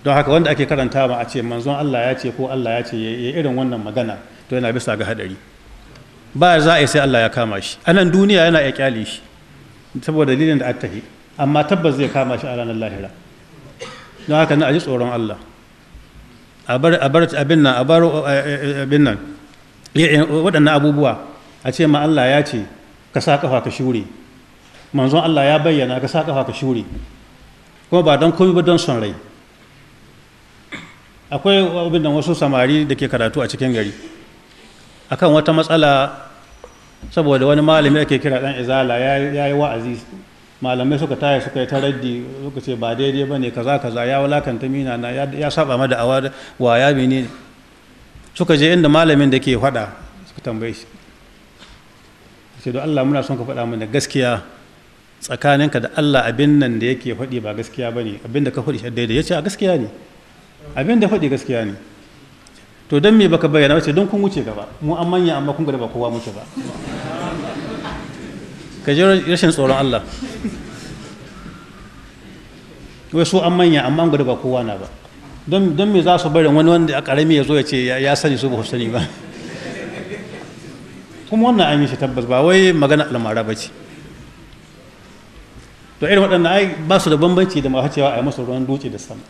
don haka wanda ake karanta ma a ce manzon Allah ya ce ko Allah ya ce ya irin wannan magana to yana bisa ga hadari ba za a yi sai Allah ya kama shi a nan duniya yana ya kyale shi saboda dalilin da tafi amma tabbas zai kama shi a ranar lahira don haka na aji tsoron Allah a bar abin a bar abin eh, eh, waɗannan abubuwa a ce ma Allah ya ce ka sa kafa ka shure manzon Allah ya bayyana ka sa kafa ka shure kuma ba don komi ba don son rai akwai abin da wasu samari da ke karatu a cikin gari kan wata matsala saboda wani malami ake kira dan izala ya yi wa'azi malamai suka taya suka yi taraddi raddi suka ce ba daidai ba ne kaza kaza ya wulakanta mina na ya saba ma awa wa ya ne suka je inda malamin da ke faɗa suka tambaye shi ce don allah muna son ka faɗa mana gaskiya tsakaninka da Allah abin nan da yake faɗi ba gaskiya ba ne abin da ka faɗi shi da ya ce a gaskiya ne abin da faɗi gaskiya ne to don me baka bayyana wace don kun wuce gaba mu an manya amma kun gada ba kowa muke ba ka ji rashin tsoron Allah wai su an manya amma an gada ba kowa na ba don me za su barin wani wanda a ƙarami ya zo ya ce ya sani su ba sani ba kuma wannan an yi shi tabbas ba wai magana almara ba ce to irin waɗannan ai ba su da bambanci da masu cewa a yi musu ruwan dutse da sama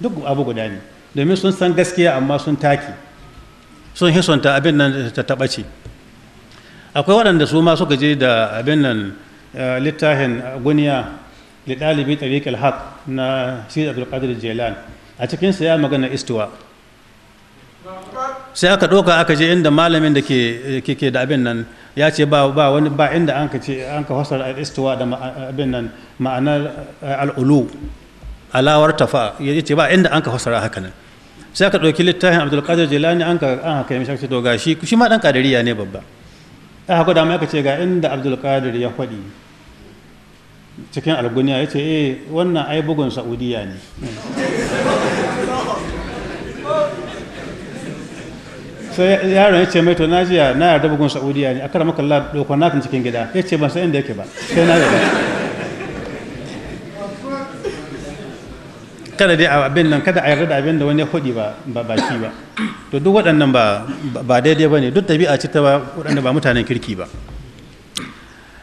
duk abu guda ne domin sun san gaskiya amma sun take sun hisonta abin nan ta taɓa ce akwai waɗanda su ma suka je da abin nan eh, littafin guniya da ɗalibi tariƙar haq na sir abdulkadir jelan a cikinsa ya magana istuwa sai aka ɗauka aka je inda malamin da ke da abin nan ya ce ba wani ba inda an ka ce an ka fasar istiwa da abin nan ma'anar eh, al'ulu alawar tafa ya ce ba inda an ka fasara haka nan sai aka ɗauki littafin abdulkadir jilani an ka an haka mishi to ga shi shi ma dan kadiriya ne babba aka haka mai aka ce ga inda abdulkadir ya faɗi cikin alguniya ya ce eh wannan ai bugun saudiya ne sai yaron ya ce mai to na jiya na yarda bugun saudiya ne akara maka Allah dokon nakan cikin gida ya ce ban san inda yake ba sai na yarda kada dai abin nan kada a yarda da abin da wani hudi ba ba baki ba to duk waɗannan ba ba daidai bane duk tabi'a ce ta waɗanda ba mutanen kirki ba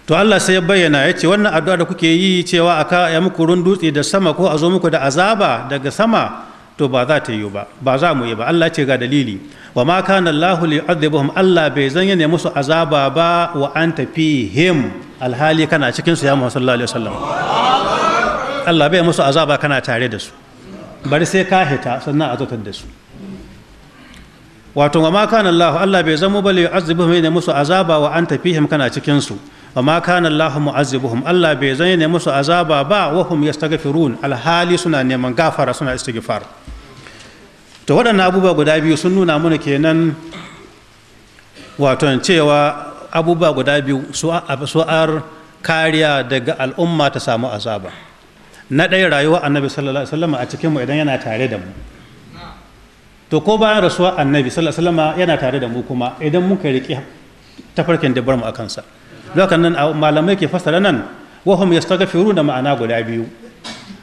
to Allah sai ya bayyana ya ce wannan addu'a da kuke yi cewa aka ya muku rundutse da sama ko a zo muku da azaba daga sama to ba za ta yi ba ba za mu yi ba Allah ce ga dalili wa ma kana Allahu li'adhibuhum Allah bai zan yana musu azaba ba wa anta fihim alhali kana cikin su ya Muhammad sallallahu alaihi wasallam Allah bai musu azaba kana tare da su bari sai ka hita sannan azotar da su wato wa ma kana Allah Allah bai zama ba li'adhibuhum yana musu azaba wa anta fihim kana cikin su wa ma kana Allah mu'azzibuhum Allah bai zai ne musu azaba ba wa hum yastaghfirun alhali suna neman gafara suna istighfar to waɗannan abubuwa guda biyu sun nuna mana kenan wato cewa abubuwa guda biyu su'ar kariya daga al'umma ta samu azaba na ɗaya rayuwa annabi sallallahu alaihi wasallam a cikin mu idan yana tare da mu to ko bayan rasuwa annabi sallallahu alaihi wasallam yana tare da mu kuma idan muka riƙe tafarkin da bar mu a kansa lokacin nan malamai ke fassara nan wahum da ma'ana guda biyu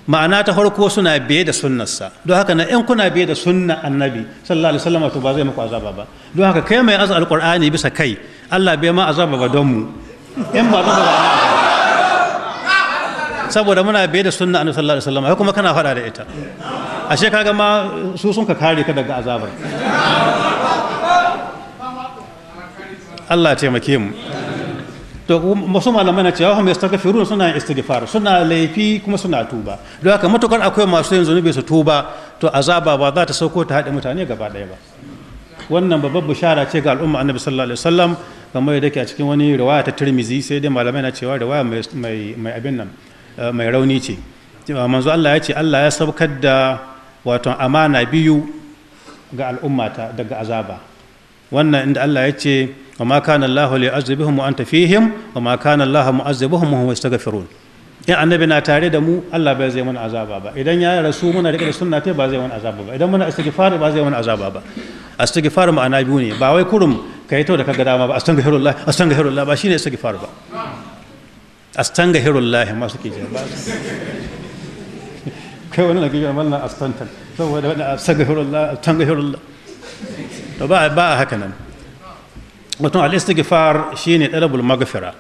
ma'ana ta farko suna biye da sunnarsa don haka na in kuna biye da sunna annabi sallallahu alaihi wasallam to ba zai muku azaba ba don haka kai mai azal alqur'ani bisa kai Allah bai ma azaba ba don mu in ba zaba ba saboda muna biye da sunna annabi sallallahu alaihi wasallam kuma kana fada da ita ashe kaga ma su sun ka kare ka daga azabar Allah ya taimake mu to wasu malamai na cewa hum yastaghfirun suna istighfar suna laifi kuma suna tuba don haka matukar akwai masu yin zunubi su tuba to azaba ba za ta sauko ta haɗe mutane gaba ɗaya ba wannan babbar bishara ce ga al'umma annabi sallallahu alaihi wasallam kamar yadda ke a cikin wani riwaya ta tirmizi sai dai malamai na cewa riwaya mai abin nan eh, mai rauni ce manzo Allah ya ce Allah ya saukar da wato amana biyu ga al'ummata daga azaba wannan inda Allah ya ce wa ma kana Allah li azibihim wa anta fihim wa ma kana Allah mu'azibuhum wa hum yastaghfirun in annabi na tare da mu Allah bai zai mana azaba ba idan ya rasu muna rike da sunna ba zai mana azaba ba idan muna istighfar ba zai mana azaba ba istighfar ma'ana biyu ne ba wai kurum kai to da kaga dama ba astaghfirullah astaghfirullah ba shine istighfar ba astaghfirullah ma suke ji ba [laughs] kai wani kike mallan astantan saboda astaghfirullah astaghfirullah to ba a haka nan mutum al-istighfar shine dalabul maghfira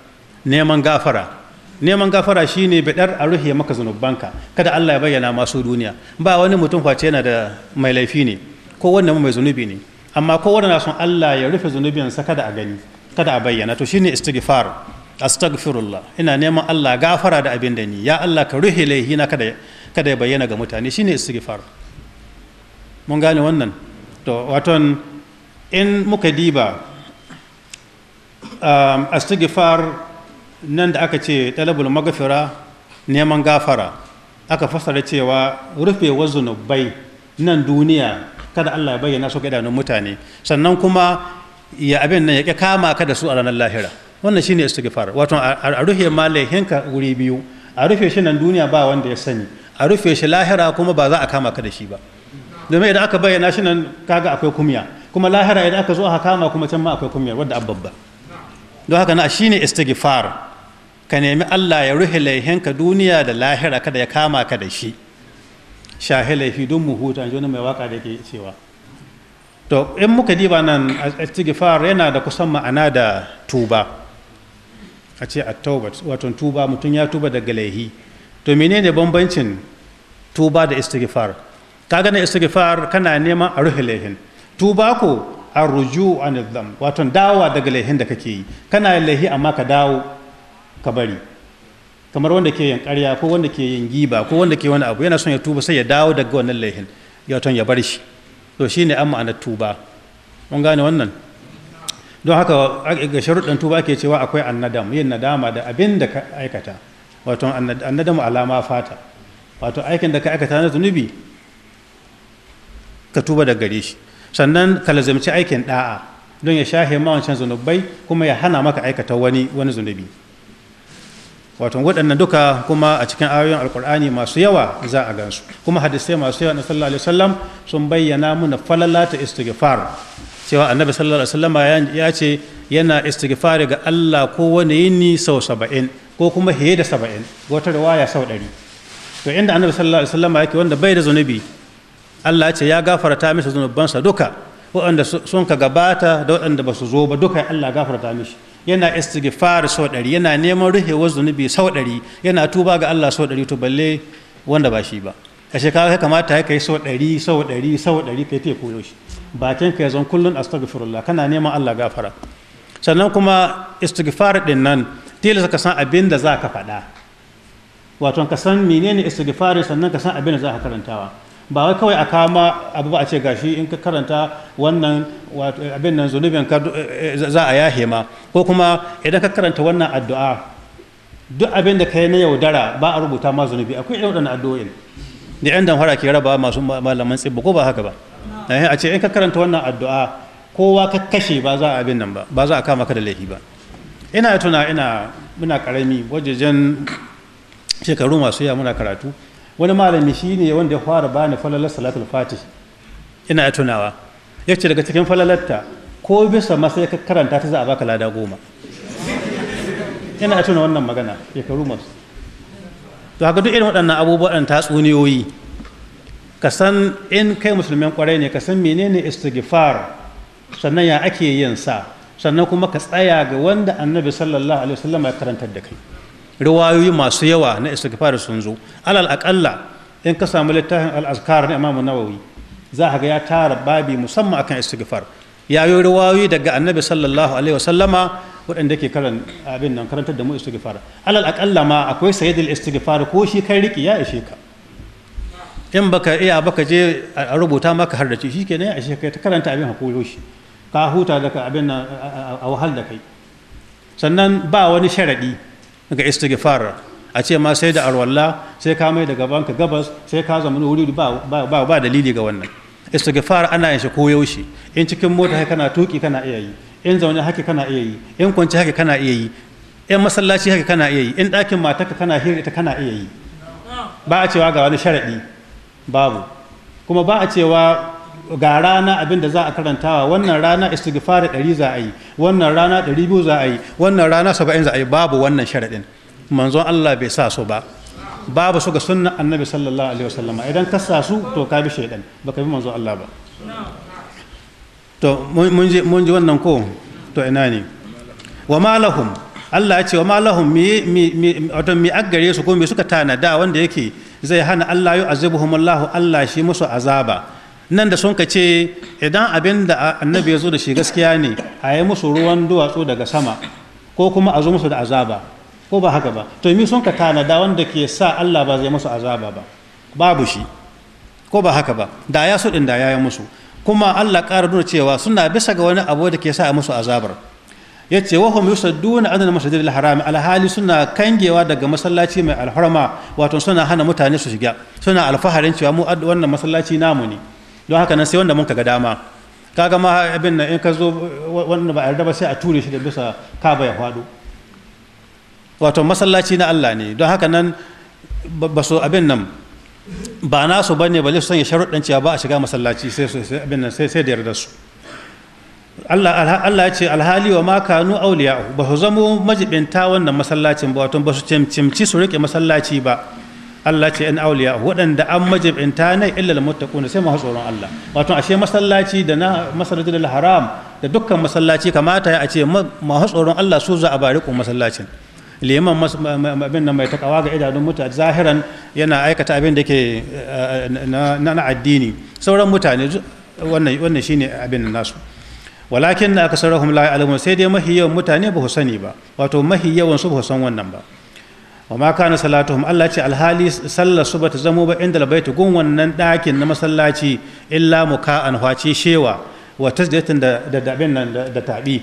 neman gafara neman gafara shine baɗar a ruhiya maka zunubanka kada Allah ya bayyana masu duniya ba wani mutum face yana da mai laifi ne ko wanda mai zunubi ne amma ko wanda na son Allah ya rufe zunubinsa kada a gani kada a bayyana to shine istighfar astaghfirullah ina neman Allah gafara da abin da ni ya Allah ka ruhe na kada kada ya bayyana ga mutane shine istighfar mun gane wannan to waton in muka diba um, astighfar nan da aka ce talabul magafira neman gafara aka fassara cewa rufewar zunubai nan duniya kada Allah ya bayyana su ga idanun mutane sannan kuma ya abin nan ya ƙi kama ka da su a ranar lahira wannan shine istighfar wato a rufe ma laihinka wuri biyu a rufe shi nan duniya ba wanda ya sani a rufe shi lahira kuma ba za a kama ka da shi ba domin idan aka bayyana shi nan kaga akwai kumya kuma lahira idan aka zo aka kama kuma can ma akwai kumyar wadda ababba don haka na shine istighfar ka nemi Allah ya ruhi ka duniya da lahira kada ya kama ka da shi shahi laifi don mu huta mai waka da yake cewa to in muka diba nan istighfar yana da kusan ma'ana da tuba a ce a taubat wato tuba mutum ya tuba daga laihi to menene bambancin tuba da istighfar ka gane istighfar kana neman a rufe lehin tuba ko ruju an dham wato dawowa daga lehin da kake yi kana lehi amma ka dawo ka bari kamar wanda ke yin ƙarya ko wanda ke yin giba ko wanda ke wani abu yana son ya tuba sai ya dawo daga wannan lehin ya wato ya bar shi to shine an ma'anar tuba mun gane wannan don haka ga sharuɗin tuba ke cewa akwai annadam yin nadama da abin da ka aikata wato annadamu alama fata wato aikin da ka aikata na zunubi ka tuba da gare shi sannan ka lazumci aikin da'a don ya shahe ma zunubai kuma ya hana maka aikata wani wani zunubi wato waɗannan duka kuma a cikin ayoyin alkur'ani masu yawa za a gansu kuma hadisai masu yawa na sallallahu alaihi wasallam sun bayyana muna falala ta istighfar cewa annabi sallallahu alaihi wasallam ya ce yana istighfar ga Allah ko wani yini sau saba'in ko kuma Heda da saba'in wata riwaya sau ɗari to inda annabi sallallahu alaihi wasallam yake wanda bai da zunubi Allah ce ya gafarta mishi zunubansa duka waɗanda sun ka gabata da waɗanda ba su zo ba duka Allah gafarta mishi yana istighfar sau ɗari yana neman ruhewar zunubi sau ɗari yana tuba ga Allah sau ɗari to balle wanda ba shi ba kashe ka ya kamata kai sau ɗari sau ɗari sau ɗari kai te koyo shi bakin ka ya zan kullun astaghfirullah kana neman Allah gafara sannan kuma istighfar din nan tilasta ka san abin da za ka faɗa wato ka san menene istighfar sannan ka san abin da za ka karantawa ba wai kawai a kama abu ba a ce gashi in ka karanta wannan abin nan zunubin eh, eh, za a yahe ma ko kuma idan ka karanta wannan addu'a duk abin da ka yi na yaudara ba a rubuta ma zunubi akwai irin waɗannan addu'o'in da yan damfara ke raba masu malaman tsibbu ko ba haka ba eh, a ce in ka karanta wannan addu'a kowa ka kashe ba za a abin nan ba ba za a kama ka da laifi ba ina tuna ina muna karami wajejen shekaru masu yawa muna karatu wani malami shi ne wanda ya fara bani falalar salatul fatih ina tunawa ya ce daga cikin falalarta ko bisa masa ya karanta ta za a baka lada goma ina tuna wannan magana karu masu to haka duk irin waɗannan abubuwan tatsuniyoyi ka san in kai musulmin kwarai ne ka san menene istighfar sannan ya ake yin sa sannan kuma ka tsaya ga wanda annabi sallallahu alaihi wasallam ya karantar da kai riwayoyi masu yawa na istighfar sun zo alal aqalla in ka samu littafin al-azkar na Imam Nawawi za ka ga ya tara babi musamman akan istighfar ya yi riwayoyi daga annabi sallallahu alaihi wasallama waɗanda ke karan abin nan karantar da mu istighfar alal aqalla ma akwai sayyidul istighfar ko shi kai riki ya ishe ka in baka iya baka je a rubuta maka har da shi shikenan ya ishe kai ta karanta abin hakuro shi ka huta daga abin nan a wahal da kai sannan ba wani sharadi ga istighfar a ce ma sai da arwalla sai ka mai da ka gabas sai ka zama wuri ba ba dalili ga wannan istighfar ana yin shi ko yaushe in cikin mota kana tuki kana iya yi in zaune haka kana iya yi in kwanci haka kana iya yi in masallaci haka kana iya yi in ɗakin matarka kana hira ita kana iya yi ba a cewa ga wani sharaɗi babu kuma ba a cewa ga rana abin da za a karantawa wannan rana istighfar ɗari za a yi wannan rana ɗari biyu za a yi wannan rana saba'in za a yi babu wannan sharaɗin manzon Allah bai sa su ba babu su ga sunan annabi sallallahu alaihi wasallama idan ka sa su to ka bi shaidan baka bi manzon Allah ba to mun ji wannan ko to ina ne wa malahum Allah ya ce wa malahum mi mi wato mi aggare su ko mi suka tanada wanda yake zai hana Allah yu azibuhum Allah shi musu azaba nan da sun ka ce idan abin da annabi ya zo da shi gaskiya ne a yi musu ruwan duwatsu daga sama ko kuma a zo musu da azaba ko ba haka ba to mi sun ka tanada wanda ke sa Allah ba zai musu azaba ba babu shi ko ba haka ba da ya so din da ya yi musu kuma Allah ƙara nuna cewa suna bisa ga wani abu da ke sa a musu azabar ya ce wa hum yusadduna adana masjidil haram alhali suna kangewa daga masallaci mai alharma wato suna hana mutane su shiga suna alfaharin cewa mu wannan masallaci namu ne don haka nan sai wanda mun ga dama kaga ma abin nan in ka zo wanda ba a yarda ba sai a ture shi da bisa kaba ya faɗo wato masallaci na Allah ne don haka nan ba so abin nan ba so bane ba su sanya sharuɗan cewa ba a shiga masallaci sai abin nan sai da yarda su Allah ya ce alhali wa ma kanu awliya ba su zamo majibinta wannan masallacin ba wato ba su cimci su rike masallaci ba Allah ce in auliya waɗanda an majibinta ne illal muttaquna sai masu tsoron Allah wato ashe masallaci da na masallacin haram da dukkan masallaci kamata ya ce masu tsoron Allah su za a bari ku masallacin liman abin nan mai takawa ga idanun mutane zahiran yana aikata abin da ke eh, na addini sauran mutane wannan wannan shine abin nasu walakin na aka sarrafin la'alamun sai dai mahi yawan mutane ba su sani ba wato mahi yawan su ba su san wannan ba wa ma kana salatuhum Allah ce alhali sallar su bata zamo ba inda labaitu gun wannan ɗakin na masallaci illa an hwace shewa wa tasdiyatin da dabin nan da tabi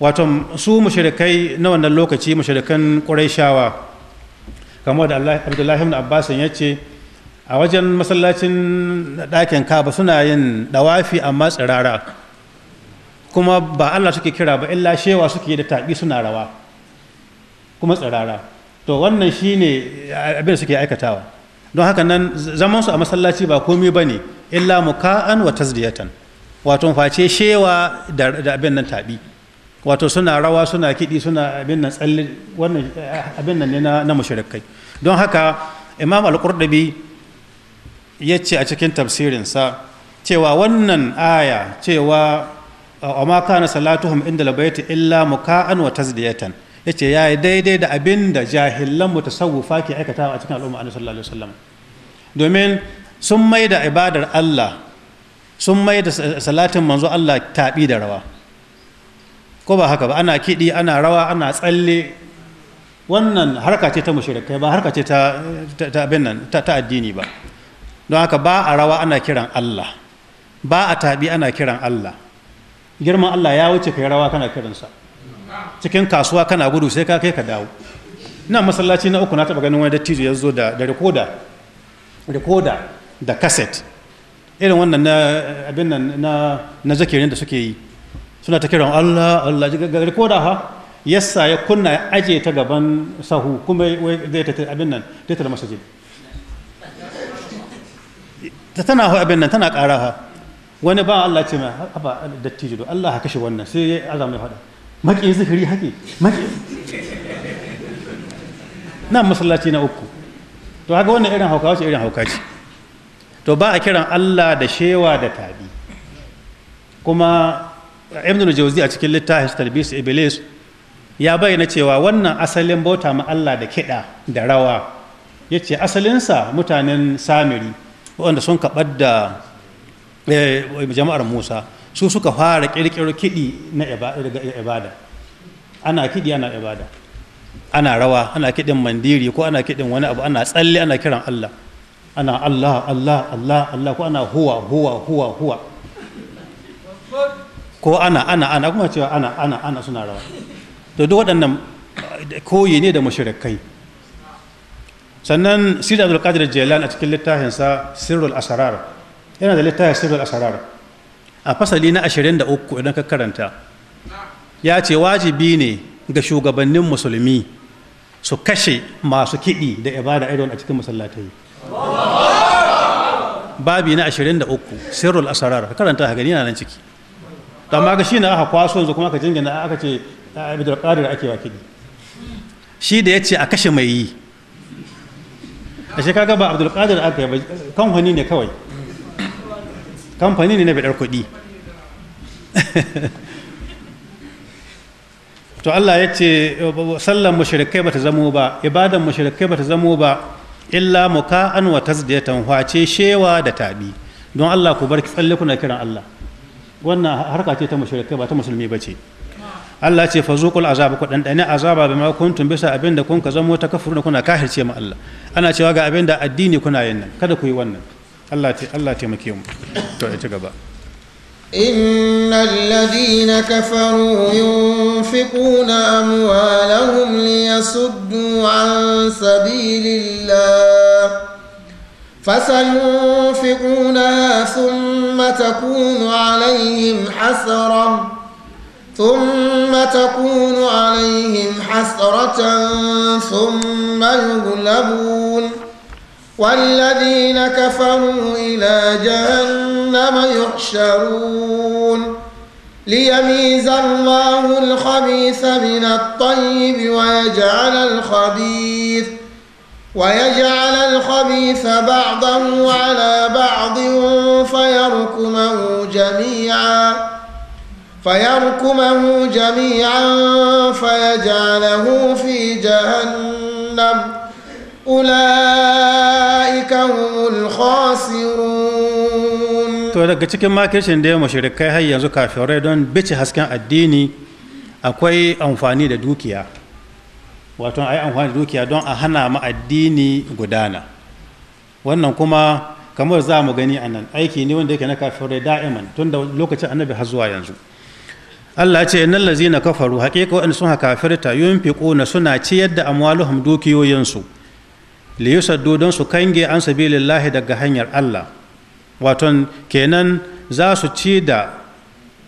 wato su mushrikai na wannan lokaci mushrikan quraishawa kamar da Abdullahi ibn Abbas ya ce a wajen masallacin ɗakin Ka'aba suna yin dawafi amma tsirara kuma ba Allah suke kira ba illa shewa suke da tabi suna rawa kuma tsirara to wannan shi ne abin suke aikatawa don haka nan zaman a masallaci ba komai ne, illa muka'an wa tasdiyatan wato face shewa da abin nan tabi wato suna rawa suna kiɗi suna abin nan tsalle wannan abin nan ne na mushrikai don haka imam al ya ce a cikin tafsirinsa cewa wannan aya cewa wa ma kana salatuhum inda labaita illa muka'an wa tasdiyatan ya ce ya yi daidai da abin da jahilan mutasawufa ke aikatawa a cikin al'umma annabi sallallahu alaihi domin sun mai da ibadar Allah sun mai da salatin manzo Allah taɓi da rawa ko ba haka ba ana kiɗi ana rawa ana tsalle wannan harka ce ta mushrikai ba harka ce ta abin nan ta addini ba don haka ba a rawa ana kiran Allah ba a taɓi ana kiran Allah girman Allah ya wuce kai rawa kana kiransa cikin kasuwa kana gudu sai ka kai ka dawo na masallaci na uku na taɓa ganin wani dattijo ya zo da rikoda da kaset irin wannan na abin nan na zakirin da suke yi suna ta kiran Allah Allah ga rikoda ha yassa ya kunna aje ta gaban sahu kuma zai ta abin nan zai ta da ta tana ho abin nan tana ƙara ha wani ba Allah ce ma haba dattijo Allah ha kashe wannan sai ya azama ya faɗa maƙi zikiri hake maki na masallaci na uku to haka wannan irin hauka wace irin hauka ce to ba a kiran Allah da shewa da tabi kuma ibn al-jawzi a cikin littafin Talbisu iblis ya bayyana cewa wannan asalin bauta ma Allah da kiɗa da rawa ya ce asalinsa mutanen samiri waɗanda sun kaɓar da eh, jama'ar musa su suka fara ƙirƙiro kiɗi na ibada ana kiɗi ana ibada ana rawa ana kiɗin mandiri ko ana kiɗin wani abu ana tsalle ana kiran Allah ana Allah Allah Allah Allah ko ana huwa huwa huwa huwa ko ana ana ana kuma cewa ana ana ana suna rawa to duk waɗannan koyi ne da mushrikai sannan sirrul abdul qadir jilani a cikin sa sirrul asrar yana da littafin sirrul asrar a fasali na 23 idan ka karanta ya ce wajibi ne ga shugabannin musulmi su kashe masu kiɗi da ibada idol a cikin masallatai babi na 23 sirrul asarar ka karanta ha gani na nan ciki amma ga shi na aka kwaso yanzu kuma ka jingina aka ce abdul qadir ake wa kiɗi shi da ya ce a kashe mai yi a shekaga ba abdul qadir aka yi kan kan ne kawai kamfani ne na bidar kuɗi [laughs] to Allah ya ce sallan mushrikai bata zamo ba ibadan mushrikai bata zamo ba illa muka'an wa tasdiyatan face shewa da tabi don Allah ku bar tsalle kuna kiran Allah wannan harka ce ta mushrikai ba ta musulmi ce Allah ce fa zuqul azab ku dan dane azaba bima kuntum bisa abinda kun ka zamo ta kafiruna kuna kahirce ma Allah ana cewa ga abinda addini kuna yin nan kada ku yi wannan Allah Allah taimake mu to ita gaba إن الذين كفروا ينفقون أموالهم ليصدوا عن سبيل الله فسينفقونها ثم تكون عليهم حسرة ثم تكون عليهم حسرة ثم يغلبون والذين كفروا إلى جهنم يحشرون ليميز الله الخبيث من الطيب ويجعل الخبيث ويجعل الخبيث بعضا على بعض فيركمه جميعا فيركمه جميعا فيجعله في جهنم ula'ika humul khasirun to daga cikin makishin da ya mashirikai har yanzu kafirai don bice hasken addini akwai amfani da dukiya wato a yi amfani da dukiya don a hana ma addini gudana wannan kuma kamar za mu gani a nan aiki ne wanda yake na kafirai da'iman tun da lokacin annabi har zuwa yanzu Allah ce innal ladzina kafaru haqiqa wa in sun kafirta yunfiquna suna ciyar da amwaluhum dukiyoyinsu liyusaddu don su kange an sabilillahi daga hanyar Allah waton kenan za su ci da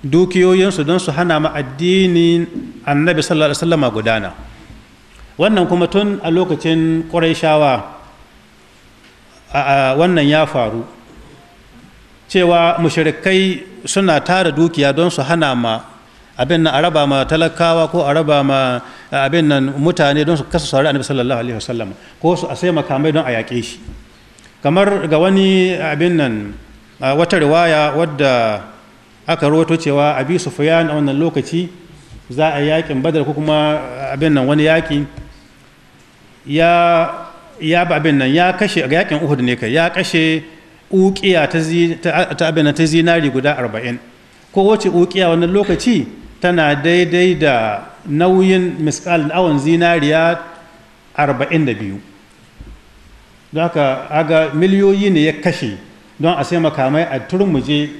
dukiyoyinsu don su hana ma addinin annabi sallallahu alaihi wasallama gudana wannan kuma tun a lokacin ƙuraishawa wannan ya faru cewa mushirikai suna tara dukiya don su hana ma abin nan a raba ma talakawa ko a raba ma abin nan mutane don su kasa saurari annabi sallallahu alaihi wasallam ko su a sai makamai don a yaƙe shi kamar ga wani abin nan wata riwaya wadda aka rawato cewa abi sufyan a wannan lokaci za a yaƙin badar ko kuma abin nan wani yaƙi ya ya ba abin nan ya kashe ga yaƙin uhud ne kai ya kashe ukiya ta abin nan ta zinari guda arba'in ko wace ukiya wannan lokaci tana daidai da nauyin miskal awon zinariya 42 don haka aga miliyoyi ne ya kashe don a sai makamai a turmuje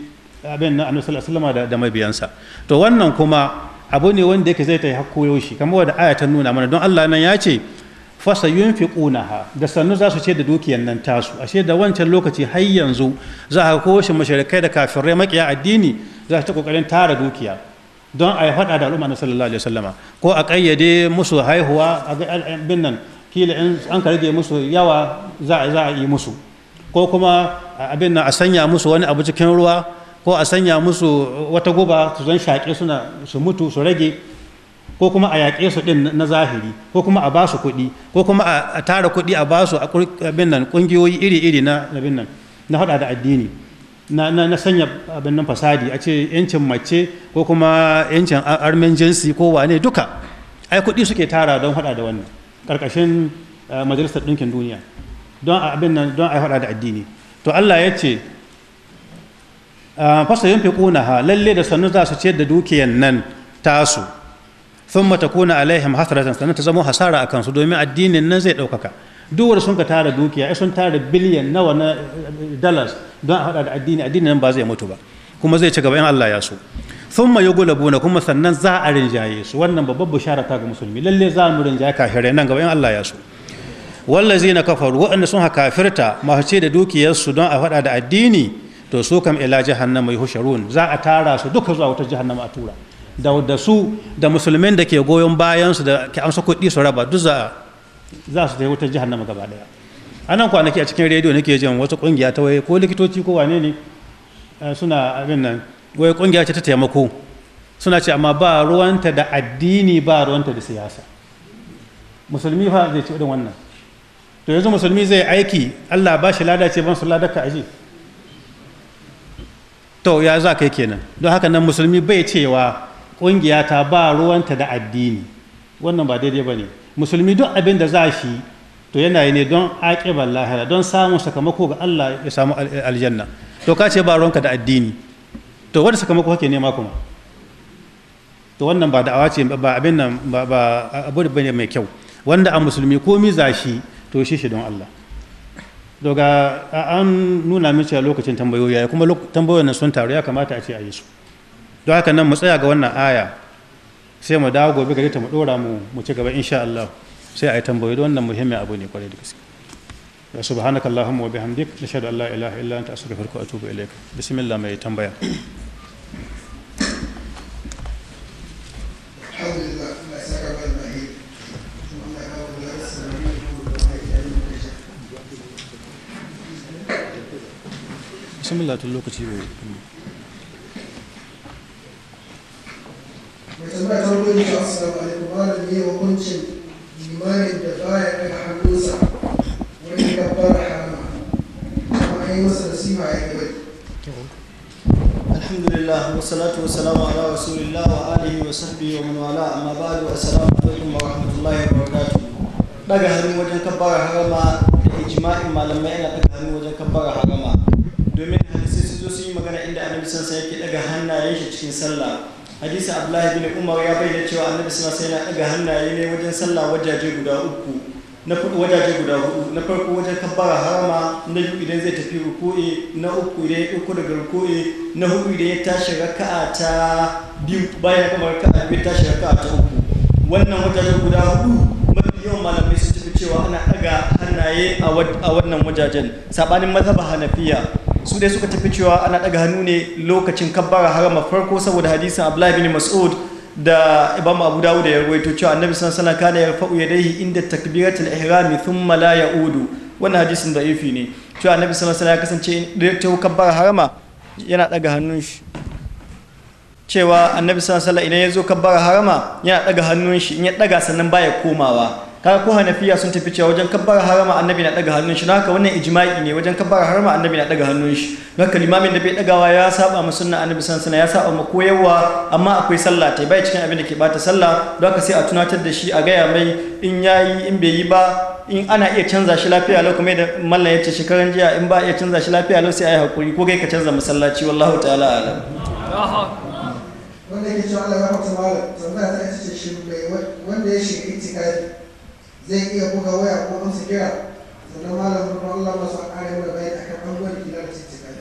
abin na annabi asalama da, da mabiyansa to wannan kuma abu ne wanda yake zai ta yi hakko yaushe kamar wadda aya ta nuna mana don Allah nan ya ce fasa yunfiqunaha da sannu za su ce da dukiyan nan tasu ashe da wancan lokaci har yanzu za a kowace mashirikai da kafirai makiya addini za su ta ƙoƙarin tara dukiya don a yi faɗa da al'umma na sallallahu alaihi wasallama ko a ƙayyade musu haihuwa a eh, bin nan kila in an ka rage musu yawa za a yi musu ko kuma abin nan a sanya musu wani abu cikin ruwa ko a sanya musu wata guba su zan shaƙe suna su mutu su rage ko kuma a yaƙe su ɗin na zahiri ko kuma a ba su kuɗi ko kuma a tara kuɗi a ba su abin nan ƙungiyoyi iri-iri na abin nan na faɗa da addini na sanya abin nan fasadi a ce yancin mace ko kuma yancin armen jinsi ko wane duka ai kuɗi suke tara don haɗa da wannan ƙarƙashin eh, majalisar ɗinkin duniya don abin nan don ai haɗa da addini to Allah ya ce ah, fasa yin ha lalle da sannu za su ciyar da dukiyan nan tasu sun mata kuna alaihim hasratan sannan ta zama hasara a kansu domin addinin nan zai ɗaukaka duwar sun ka tara dukiya ai sun tara biliyan nawa na eh, dollars don a hada da addini addini nan ba zai mutu ba kuma zai ci gaba in Allah ya so thumma yughlabuna kuma sannan za a rinjaye su wannan babbar bishara ta ga musulmi lalle za mu rinjaye kafirai nan gaba in Allah ya so wallazina kafaru waɗanda sun kafirta masu ce da dukiyarsu don a faɗa da addini to su kam ila jahannama yuhsharun za a tara su duka zuwa wata jahannama a tura da su da musulmin da ke goyon bayansu da ke amsa kuɗi su raba duk za za su tafi wutar jahannama gaba daya a nan kwanaki a cikin rediyo nake jin wata kungiya ta waye ko likitoci ko wane ne eh, suna abin nan waye kungiya ce ta taimako suna ce amma ba ruwanta da addini ba ruwanta da siyasa musulmi fa zai ci irin wannan to yanzu musulmi zai aiki allah ba shi lada ce ban su lada ka aji to ya za kai kenan don haka nan musulmi bai cewa kungiya ta ba ruwanta da addini wannan ba daidai ba ne musulmi duk abin da za shi to yana yi ne don aƙibar lahira don samun sakamako ga Allah ya samu aljanna to ka ce ba ronka da addini to wanda sakamako kake nema kuma to wannan ba da'awa ce ba abin nan ba abu da bane mai kyau wanda a musulmi komi za shi to shi shi don Allah to ga an nuna min cewa lokacin tambayoyi ya kuma tambayoyin sun taru ya kamata a ce a yi su don haka nan mu tsaya ga wannan aya sai mu dawo gobe gare ta mu dora mu mu ci gaba insha Allah sai a yi tambayoyi don wannan muhimmin abu ne kwarai da gaske wa subhanaka allahumma wa bihamdik nashhadu an la ilaha illa anta astaghfiruka wa atubu ilaik bismillah mai tambaya bismillah tun lokaci bai mai tambaya ta farko yake assalamu alaikum malam ne hukuncin limamin da baya daga hannunsa wani gabbar harama kuma an yi masa nasiha ya yi gaba alhamdulillah wa salamu ala rasulillah wa alihi wa sahbihi wa man wala amma ba'du assalamu alaikum wa rahmatullahi wa barakatuh daga hannu wajen kabbara harama da ijma'in malamai yana daga hannu wajen kabbara harama domin hadisi sun zo sun yi magana inda annabi sansa yake daga hannayen shi cikin sallah hadisi abdullahi bin umar ya bayyana cewa annabi sallallahu alaihi wasallam daga hannaye ne wajen sallah wajaje guda uku na wajaje guda hudu na farko wajen kabbara harama na biyu idan zai tafi ruku'i na uku idan ya dauko daga ruku'i na hudu idan ya tashi raka'a ta biyu bayan kuma raka'a biyu tashi raka'a ta uku wannan wajaje guda hudu mafi yawan malamai sun tafi cewa ana daga hannaye a wannan wajajen sabanin mazhaba hanafiya su dai suka tafi cewa ana daga hannu ne lokacin kabbara harama farko saboda hadisin abdullahi bin mas'ud da ibam abu dawud ya rawaito cewa annabi sallallahu alaihi wasallam kana yarfa'u yadayhi inda takbiratul ihram thumma la ya'udu wannan hadisin yafi ne cewa annabi sallallahu alaihi wasallam ya kasance ta kabbara harama yana daga hannun shi cewa annabi sallallahu alaihi wasallam idan ya zo kabbara harama yana daga hannun shi in ya daga sannan baya komawa kaga ko hanafiya sun tafi cewa wajen kabbara harama annabi na daga hannun shi haka wannan ijma'i ne wajen kabbara harama annabi na daga hannun shi don haka limamin da bai dagawa ya saba ma sunna annabi sansana ya saba ma koyarwa amma akwai sallah ta bai cikin abin da ke bata sallah don haka sai a tunatar da shi a gaya mai in yayi in bai yi ba in ana iya canza shi lafiya lau kuma da mallan ya ce shekaran jiya in ba iya canza shi lafiya lau sai ayi hakuri ko kai ka canza masallaci wallahi ta'ala alam wanda yake cewa Allah ya rahmata malam tambaya ta ce shi wanda ya shiga itikadi zai iya buga waya ko amsa kira sannan malam farko Allah masu a ƙara mana bayani akan gida da ke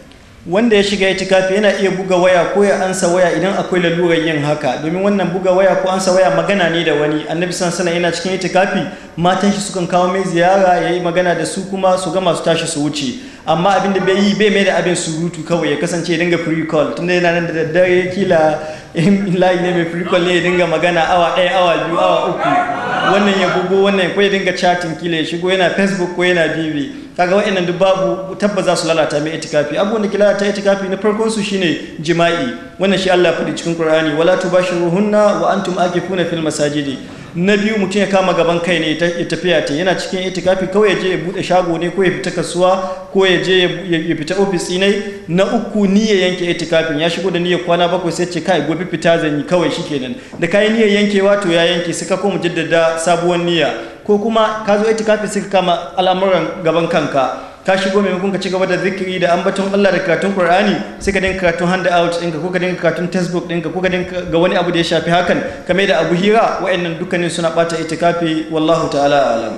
wanda ya shiga itikafi yana iya buga waya ko ya ansa waya idan akwai lalurar yin haka domin wannan buga waya ko ansa waya magana ne da wani annabi san sana yana cikin itikafi matan shi sukan kawo mai ziyara yayi magana da su kuma su gama su tashi su wuce amma abin da bai yi bai mai da abin surutu kawai ya kasance ya dinga free call tunda yana nan da daddare kila in layi ne mai free call ne ya dinga magana awa ɗaya awa biyu awa uku wannan ya gugu wannan ko ya dinga chatting kila ya shigo yana facebook ko yana bb kaga wa'annan duk babu tabba za su lalata mai itikafi abu da ke lalata itikafi na farkon su shine jima'i wannan shi Allah faɗi cikin Qur'ani wala tubashiruhunna wa antum akifuna fil masajidi na biyu mutum ya kama gaban kai ne ya tafiya ta yana cikin itikafi kawai ya je ya bude shago ne ko ya fita kasuwa ko ya je ya fita ofis ne na uku niyyar yanke itikafin ya shigo da niyyar kwana bakwai sai ce kai gobe fita zan yi kawai shikenan da kai niyyar yankewa to ya yanke suka koma jaddada sabuwar niyya ko kuma ka zo itikafi suka kama al'amuran gaban kanka ka shigo mai hukunka ci gaba da zikiri da ambaton Allah da karatun Qur'ani sai ka dinga karatun handout dinka ko ka dinga karatun textbook dinka ko ka dinga ga wani abu da ya shafi hakan kamar da abu hira wa'annan dukkanin suna bata itikafi wallahu ta'ala alam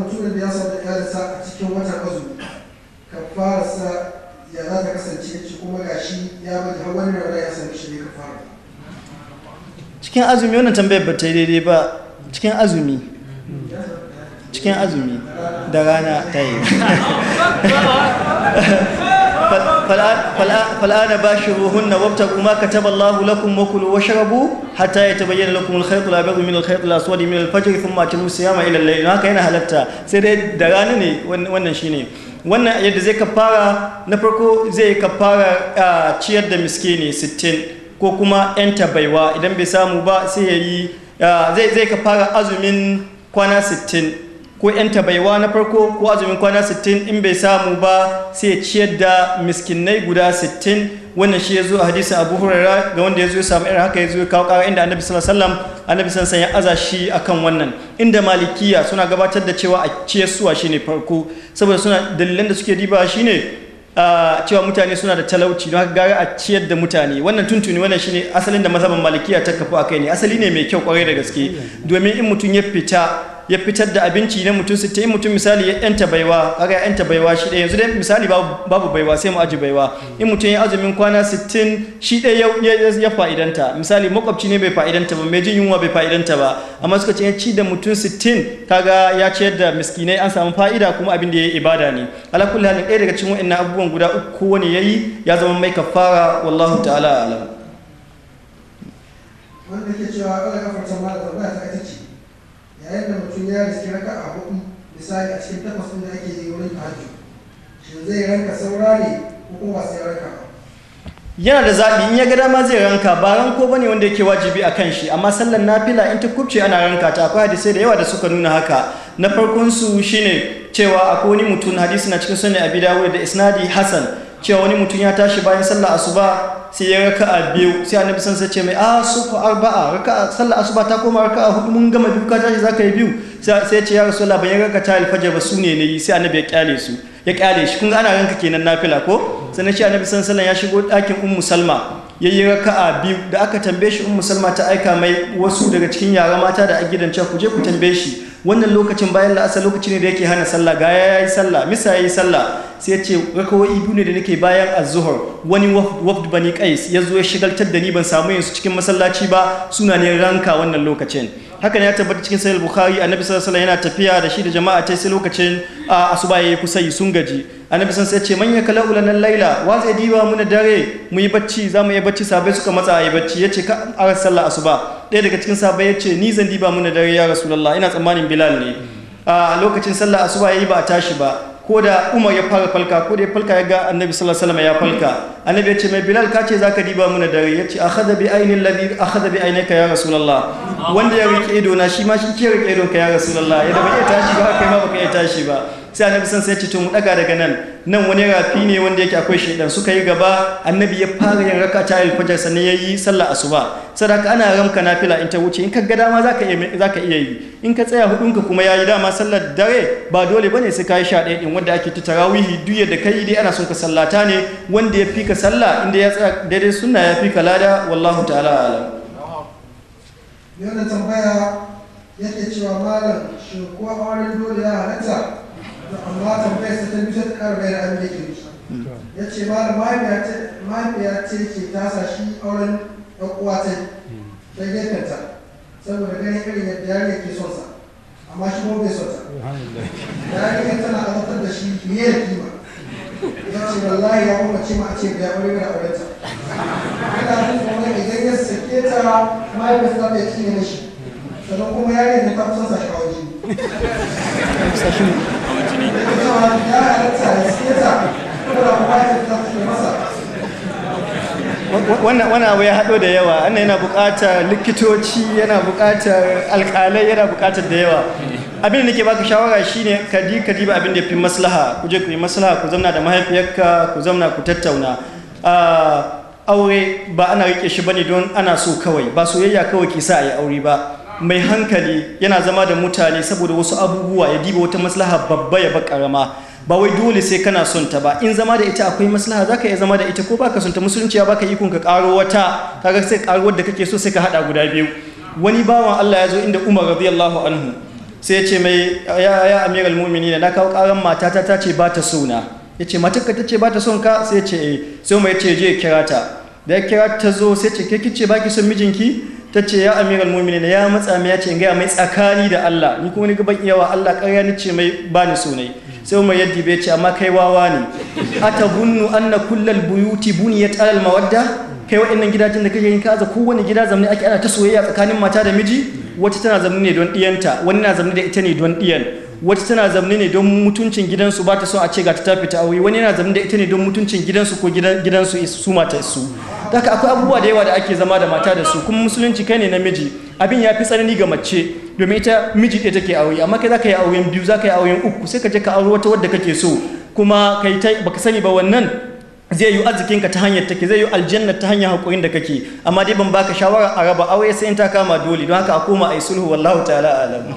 mutumin da ya cikin azumi kasance ya ya shi ne wannan tambayar ba ta daidai ba cikin azumi cikin azumi da rana ta yi fal'ana ba shi ruhun na wabta kuma ka taba Allahu lakun makulu wa sharabu hatta ya taba yana lakun alkhaitu ba bagu min su la aswadi min kuma thumma timu siyama ila al-layl haka yana halatta sai dai da rana ne wannan shine wannan yadda zai kafara na farko zai kafara ciyar da miskini 60 ko kuma yan tabaiwa idan bai samu ba sai yayi zai zai kafara azumin kwana 60 ko 'yan tabaiwa na farko ko azumin kwana 60 in bai samu ba sai ya ciyar da miskinai guda 60 wannan shi ya zo a hadisin abu hurara ga wanda ya zo ya samu irin haka ya zo ya kawo ƙara inda annabi sallallahu alaihi wasallam annabi sallallahu ya aza shi akan wannan inda malikiya suna gabatar da cewa a ciyar suwa shine farko saboda suna dalilan da suke diba shine a cewa mutane suna da talauci don haka gara a ciyar da mutane wannan tuntuni wannan shine asalin da mazhaban malikiya ta kafu kai ne asali ne mai kyau kwarai da gaske domin in mutum ya fita ya fitar da abinci na mutum sittin mutum misali ya yanta baiwa kaga yanta baiwa shi ɗaya yanzu dai misali babu baiwa sai mu aji baiwa in mutum ya azumin kwana sittin shi ɗaya ya fa'idanta misali makwabci ne bai fa'idanta ba mai jin yunwa bai fa'idanta ba amma suka ce ci da mutum sittin kaga ya ciyar da miskinai an samu fa'ida kuma abin da ya yi ibada ne ala kulli halin ɗaya daga cikin wa'annan abubuwan guda uku wani ya yi ya zama mai kafara wallahu ta'ala alam wanda ke cewa ala kafarta malam a yadda mutum ya riske raka a hudu misali a cikin takwas ɗin da ake yi wurin tahajjud shi zai ranka saura ne ko kuma sai ranka ba yana da zaɓi in ya ga dama zai ranka ba ranko bane wanda yake wajibi a kan shi amma sallan nafila in ta kubce ana ranka ta akwai hadisai da yawa da suka nuna haka na farkon su shine cewa akwai wani mutum hadisi na cikin sunan abi dawud da isnadi hasan cewa wani mutum ya tashi bayan sallah asuba sai ya raka a biyu sai annabi san sai mai a ah, su ku arba'a raka sallah asuba ta koma raka a hudu mun gama duka ka tashi zaka yi biyu sai ya ce ya rasulullah ban raka ta alfajar ba su ne yi sai annabi ya kyale su ya kyale shi kun ga ana ranka kenan nafila ko sannan shi annabi san sallan ya shigo ɗakin ummu salma ya yi raka'a biyu da aka tambaye shi ummu musalma ta aika mai wasu daga cikin yara mata da a gidan cewa ku je ku tambaye shi wannan lokacin bayan la'asa lokaci ne da yake hana sallah ga ya yi sallah misa ya yi sallah sai ya ce rakawai biyu ne da nake bayan a zuhur wani wafd bani kais ya zo ya shigaltar da ni ban samu yin su cikin masallaci ba suna ne ranka wannan lokacin hakan ya tabbata cikin sahih bukhari annabi sallallahu alaihi wasallam yana tafiya da shi da jama'a ta sai lokacin asuba ya kusa yi, sun gaji annabi sun sai ce kala kala ulanan laila wa zai diba mu na dare mu yi bacci za mu yi bacci sabai suka matsa yi bacci yace ka ara sallah asuba ɗaya daga cikin sabai yace ni zan diba mu na dare ya rasulallah. ina tsammanin bilal ne a lokacin sallah asuba ya yi ba a tashi ba ko da umar ya fara falka ko da ya falka ya ga annabi sallallahu alaihi wasallam ya falka annabi ya ce mai bilal ka ce zaka diba na dare ya ce akhadha bi aini alladhi akhadha bi ya rasulallah? wanda ya rike ido na shi ma shi ke rike idon ka ya rasulallah? ya da bai tashi ba kai ma baka tashi ba sai annabi san sai to mu daga daga nan nan wani rafi ne wanda yake akwai shaidan suka yi gaba annabi ya fara yin raka ta alfajar sannan ya yi sallah asuba sadaka ana ramka nafila in ta wuce in ka ga dama zaka iya zaka iya yi in ka tsaya ka kuma yayi dama sallar dare ba dole bane sai ka yi sha ɗaya din wanda ake ta tarawihi duk yadda kai dai ana son ka sallata ne wanda ya fi ka sallah inda ya tsaya daidai sunna ya fi ka lada wallahu ta'ala alam yana tambaya yake cewa malam shi ko dole ya halatta amma tambayar sa ta biyu ta ƙara bayar an yake ya ce malam mahaifiya ce ke tasa shi auren ɗan uwa ta ta gefenta saboda ganin irin yadda yarinya ke son sa amma shi kuma bai son ta yarinya tana azabtar da shi fiye da kima ya ce wallahi ya kuma ce ma a ce biya wani gara auren ta ina jin tsoron idan ya sake ta mahaifiyarsa za ta yi cinye mishi sannan kuma yarinya ta kusa sa shi a waje hawan wani abu ya haɗo da yawa ana yana buƙatar likitoci yana buƙatar alƙalai yana buƙatar da yawa abin da nake baka shawara shine ka kadi ka ba abin da fi maslaha ku je ku yi maslaha ku zauna da mahaifiyarka ku zauna ku tattauna ah, aure ba ana rike shi ba ne don ana so kawai ba soyayya kawai ke sa a yi aure ba mai hankali yana zama da mutane saboda wasu abubuwa ya diba wata maslaha babba ya bar karama ba wai dole sai kana son ta ba in zama da ita akwai maslaha zaka iya zama da ita ko baka son ta musulunci ya baka ikon ka karo wata kaga sai karo wadda kake so sai ka hada guda biyu wani bawan Allah ya zo inda Umar radiyallahu anhu sai ya ce mai ya ya amiral mu'minina na kawo karan mata ta ce ba ta sona ya ce matarka ta ce ba ta son ka sai ya ce eh. sai mai ce je kira ta da ya kira ta zo sai ce ke kice baki son mijinki ta ce ya amiral na ya matsa mai ya ce gaya mai tsakani da Allah ni kuma ni gaban iyawa Allah ƙarya ni ce mai bani sunai sai umar yadda bai ce amma kai wawa ne an anna kullal buyuti ya tsarar mawadda kai waɗannan gidajen da kake yin kaza ko Wani gida zamani ake ana ta soyayya tsakanin mata da miji wata tana zamani ne don ɗiyanta wani na zamani da ita ne don ɗiyan wata tana zamani ne don mutuncin gidansu ba ta son a ce ga ta tafi ta aure wani yana zamani da ita ne don mutuncin gidansu ko gidansu su mata su zaka akwai abubuwa da yawa da ake zama da mata da su kuma musulunci kai ne namiji abin ya fi tsanani ga mace domin ita miji ɗaya take aure amma kai za ka yi auren biyu za ka yi auren uku sai ka je ka auri wata wadda kake so kuma kai ta baka sani ba wannan zai yi ka ta hanyar take zai yi aljanna ta hanyar haƙurin da kake amma dai ban baka shawara a raba aure sai in ta kama dole don haka a koma a yi sulhu wallahu ta'ala alam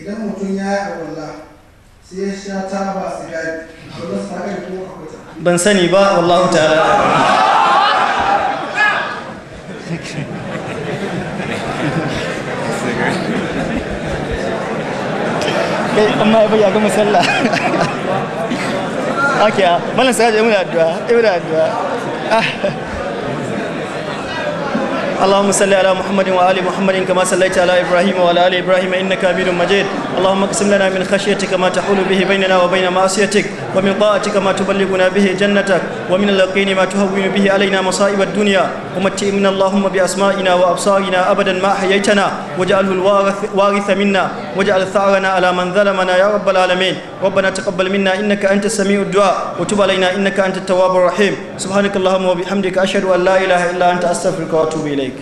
idan mutum ya yi a wallah ban sani ba wallahu ta'ala kai amma ya bayyaga musalla ake a [laughs] ah, malin sa'adu ya muna addu'a ya muna addu'a ah. اللهم صل على محمد وآل محمد كما صليت على إبراهيم وعلى آل إبراهيم إنك حميد مجيد اللهم اقسم لنا من خشيتك ما تحول به بيننا وبين معصيتك ومن طاعتك ما تبلغنا به جنتك ومن اليقين ما تهون به علينا مصائب الدنيا ومتئمنا اللهم بأسمائنا وأبصارنا أبدا ما حييتنا واجعله الوارث وارث منا واجعل ثأرنا على من ظلمنا يا رب العالمين ربنا تقبل منا إنك أنت السميع الدعاء وتب علينا إنك أنت التواب الرحيم سبحانك اللهم وبحمدك أشهد أن لا إله إلا أنت أستغفرك وأتوب إليك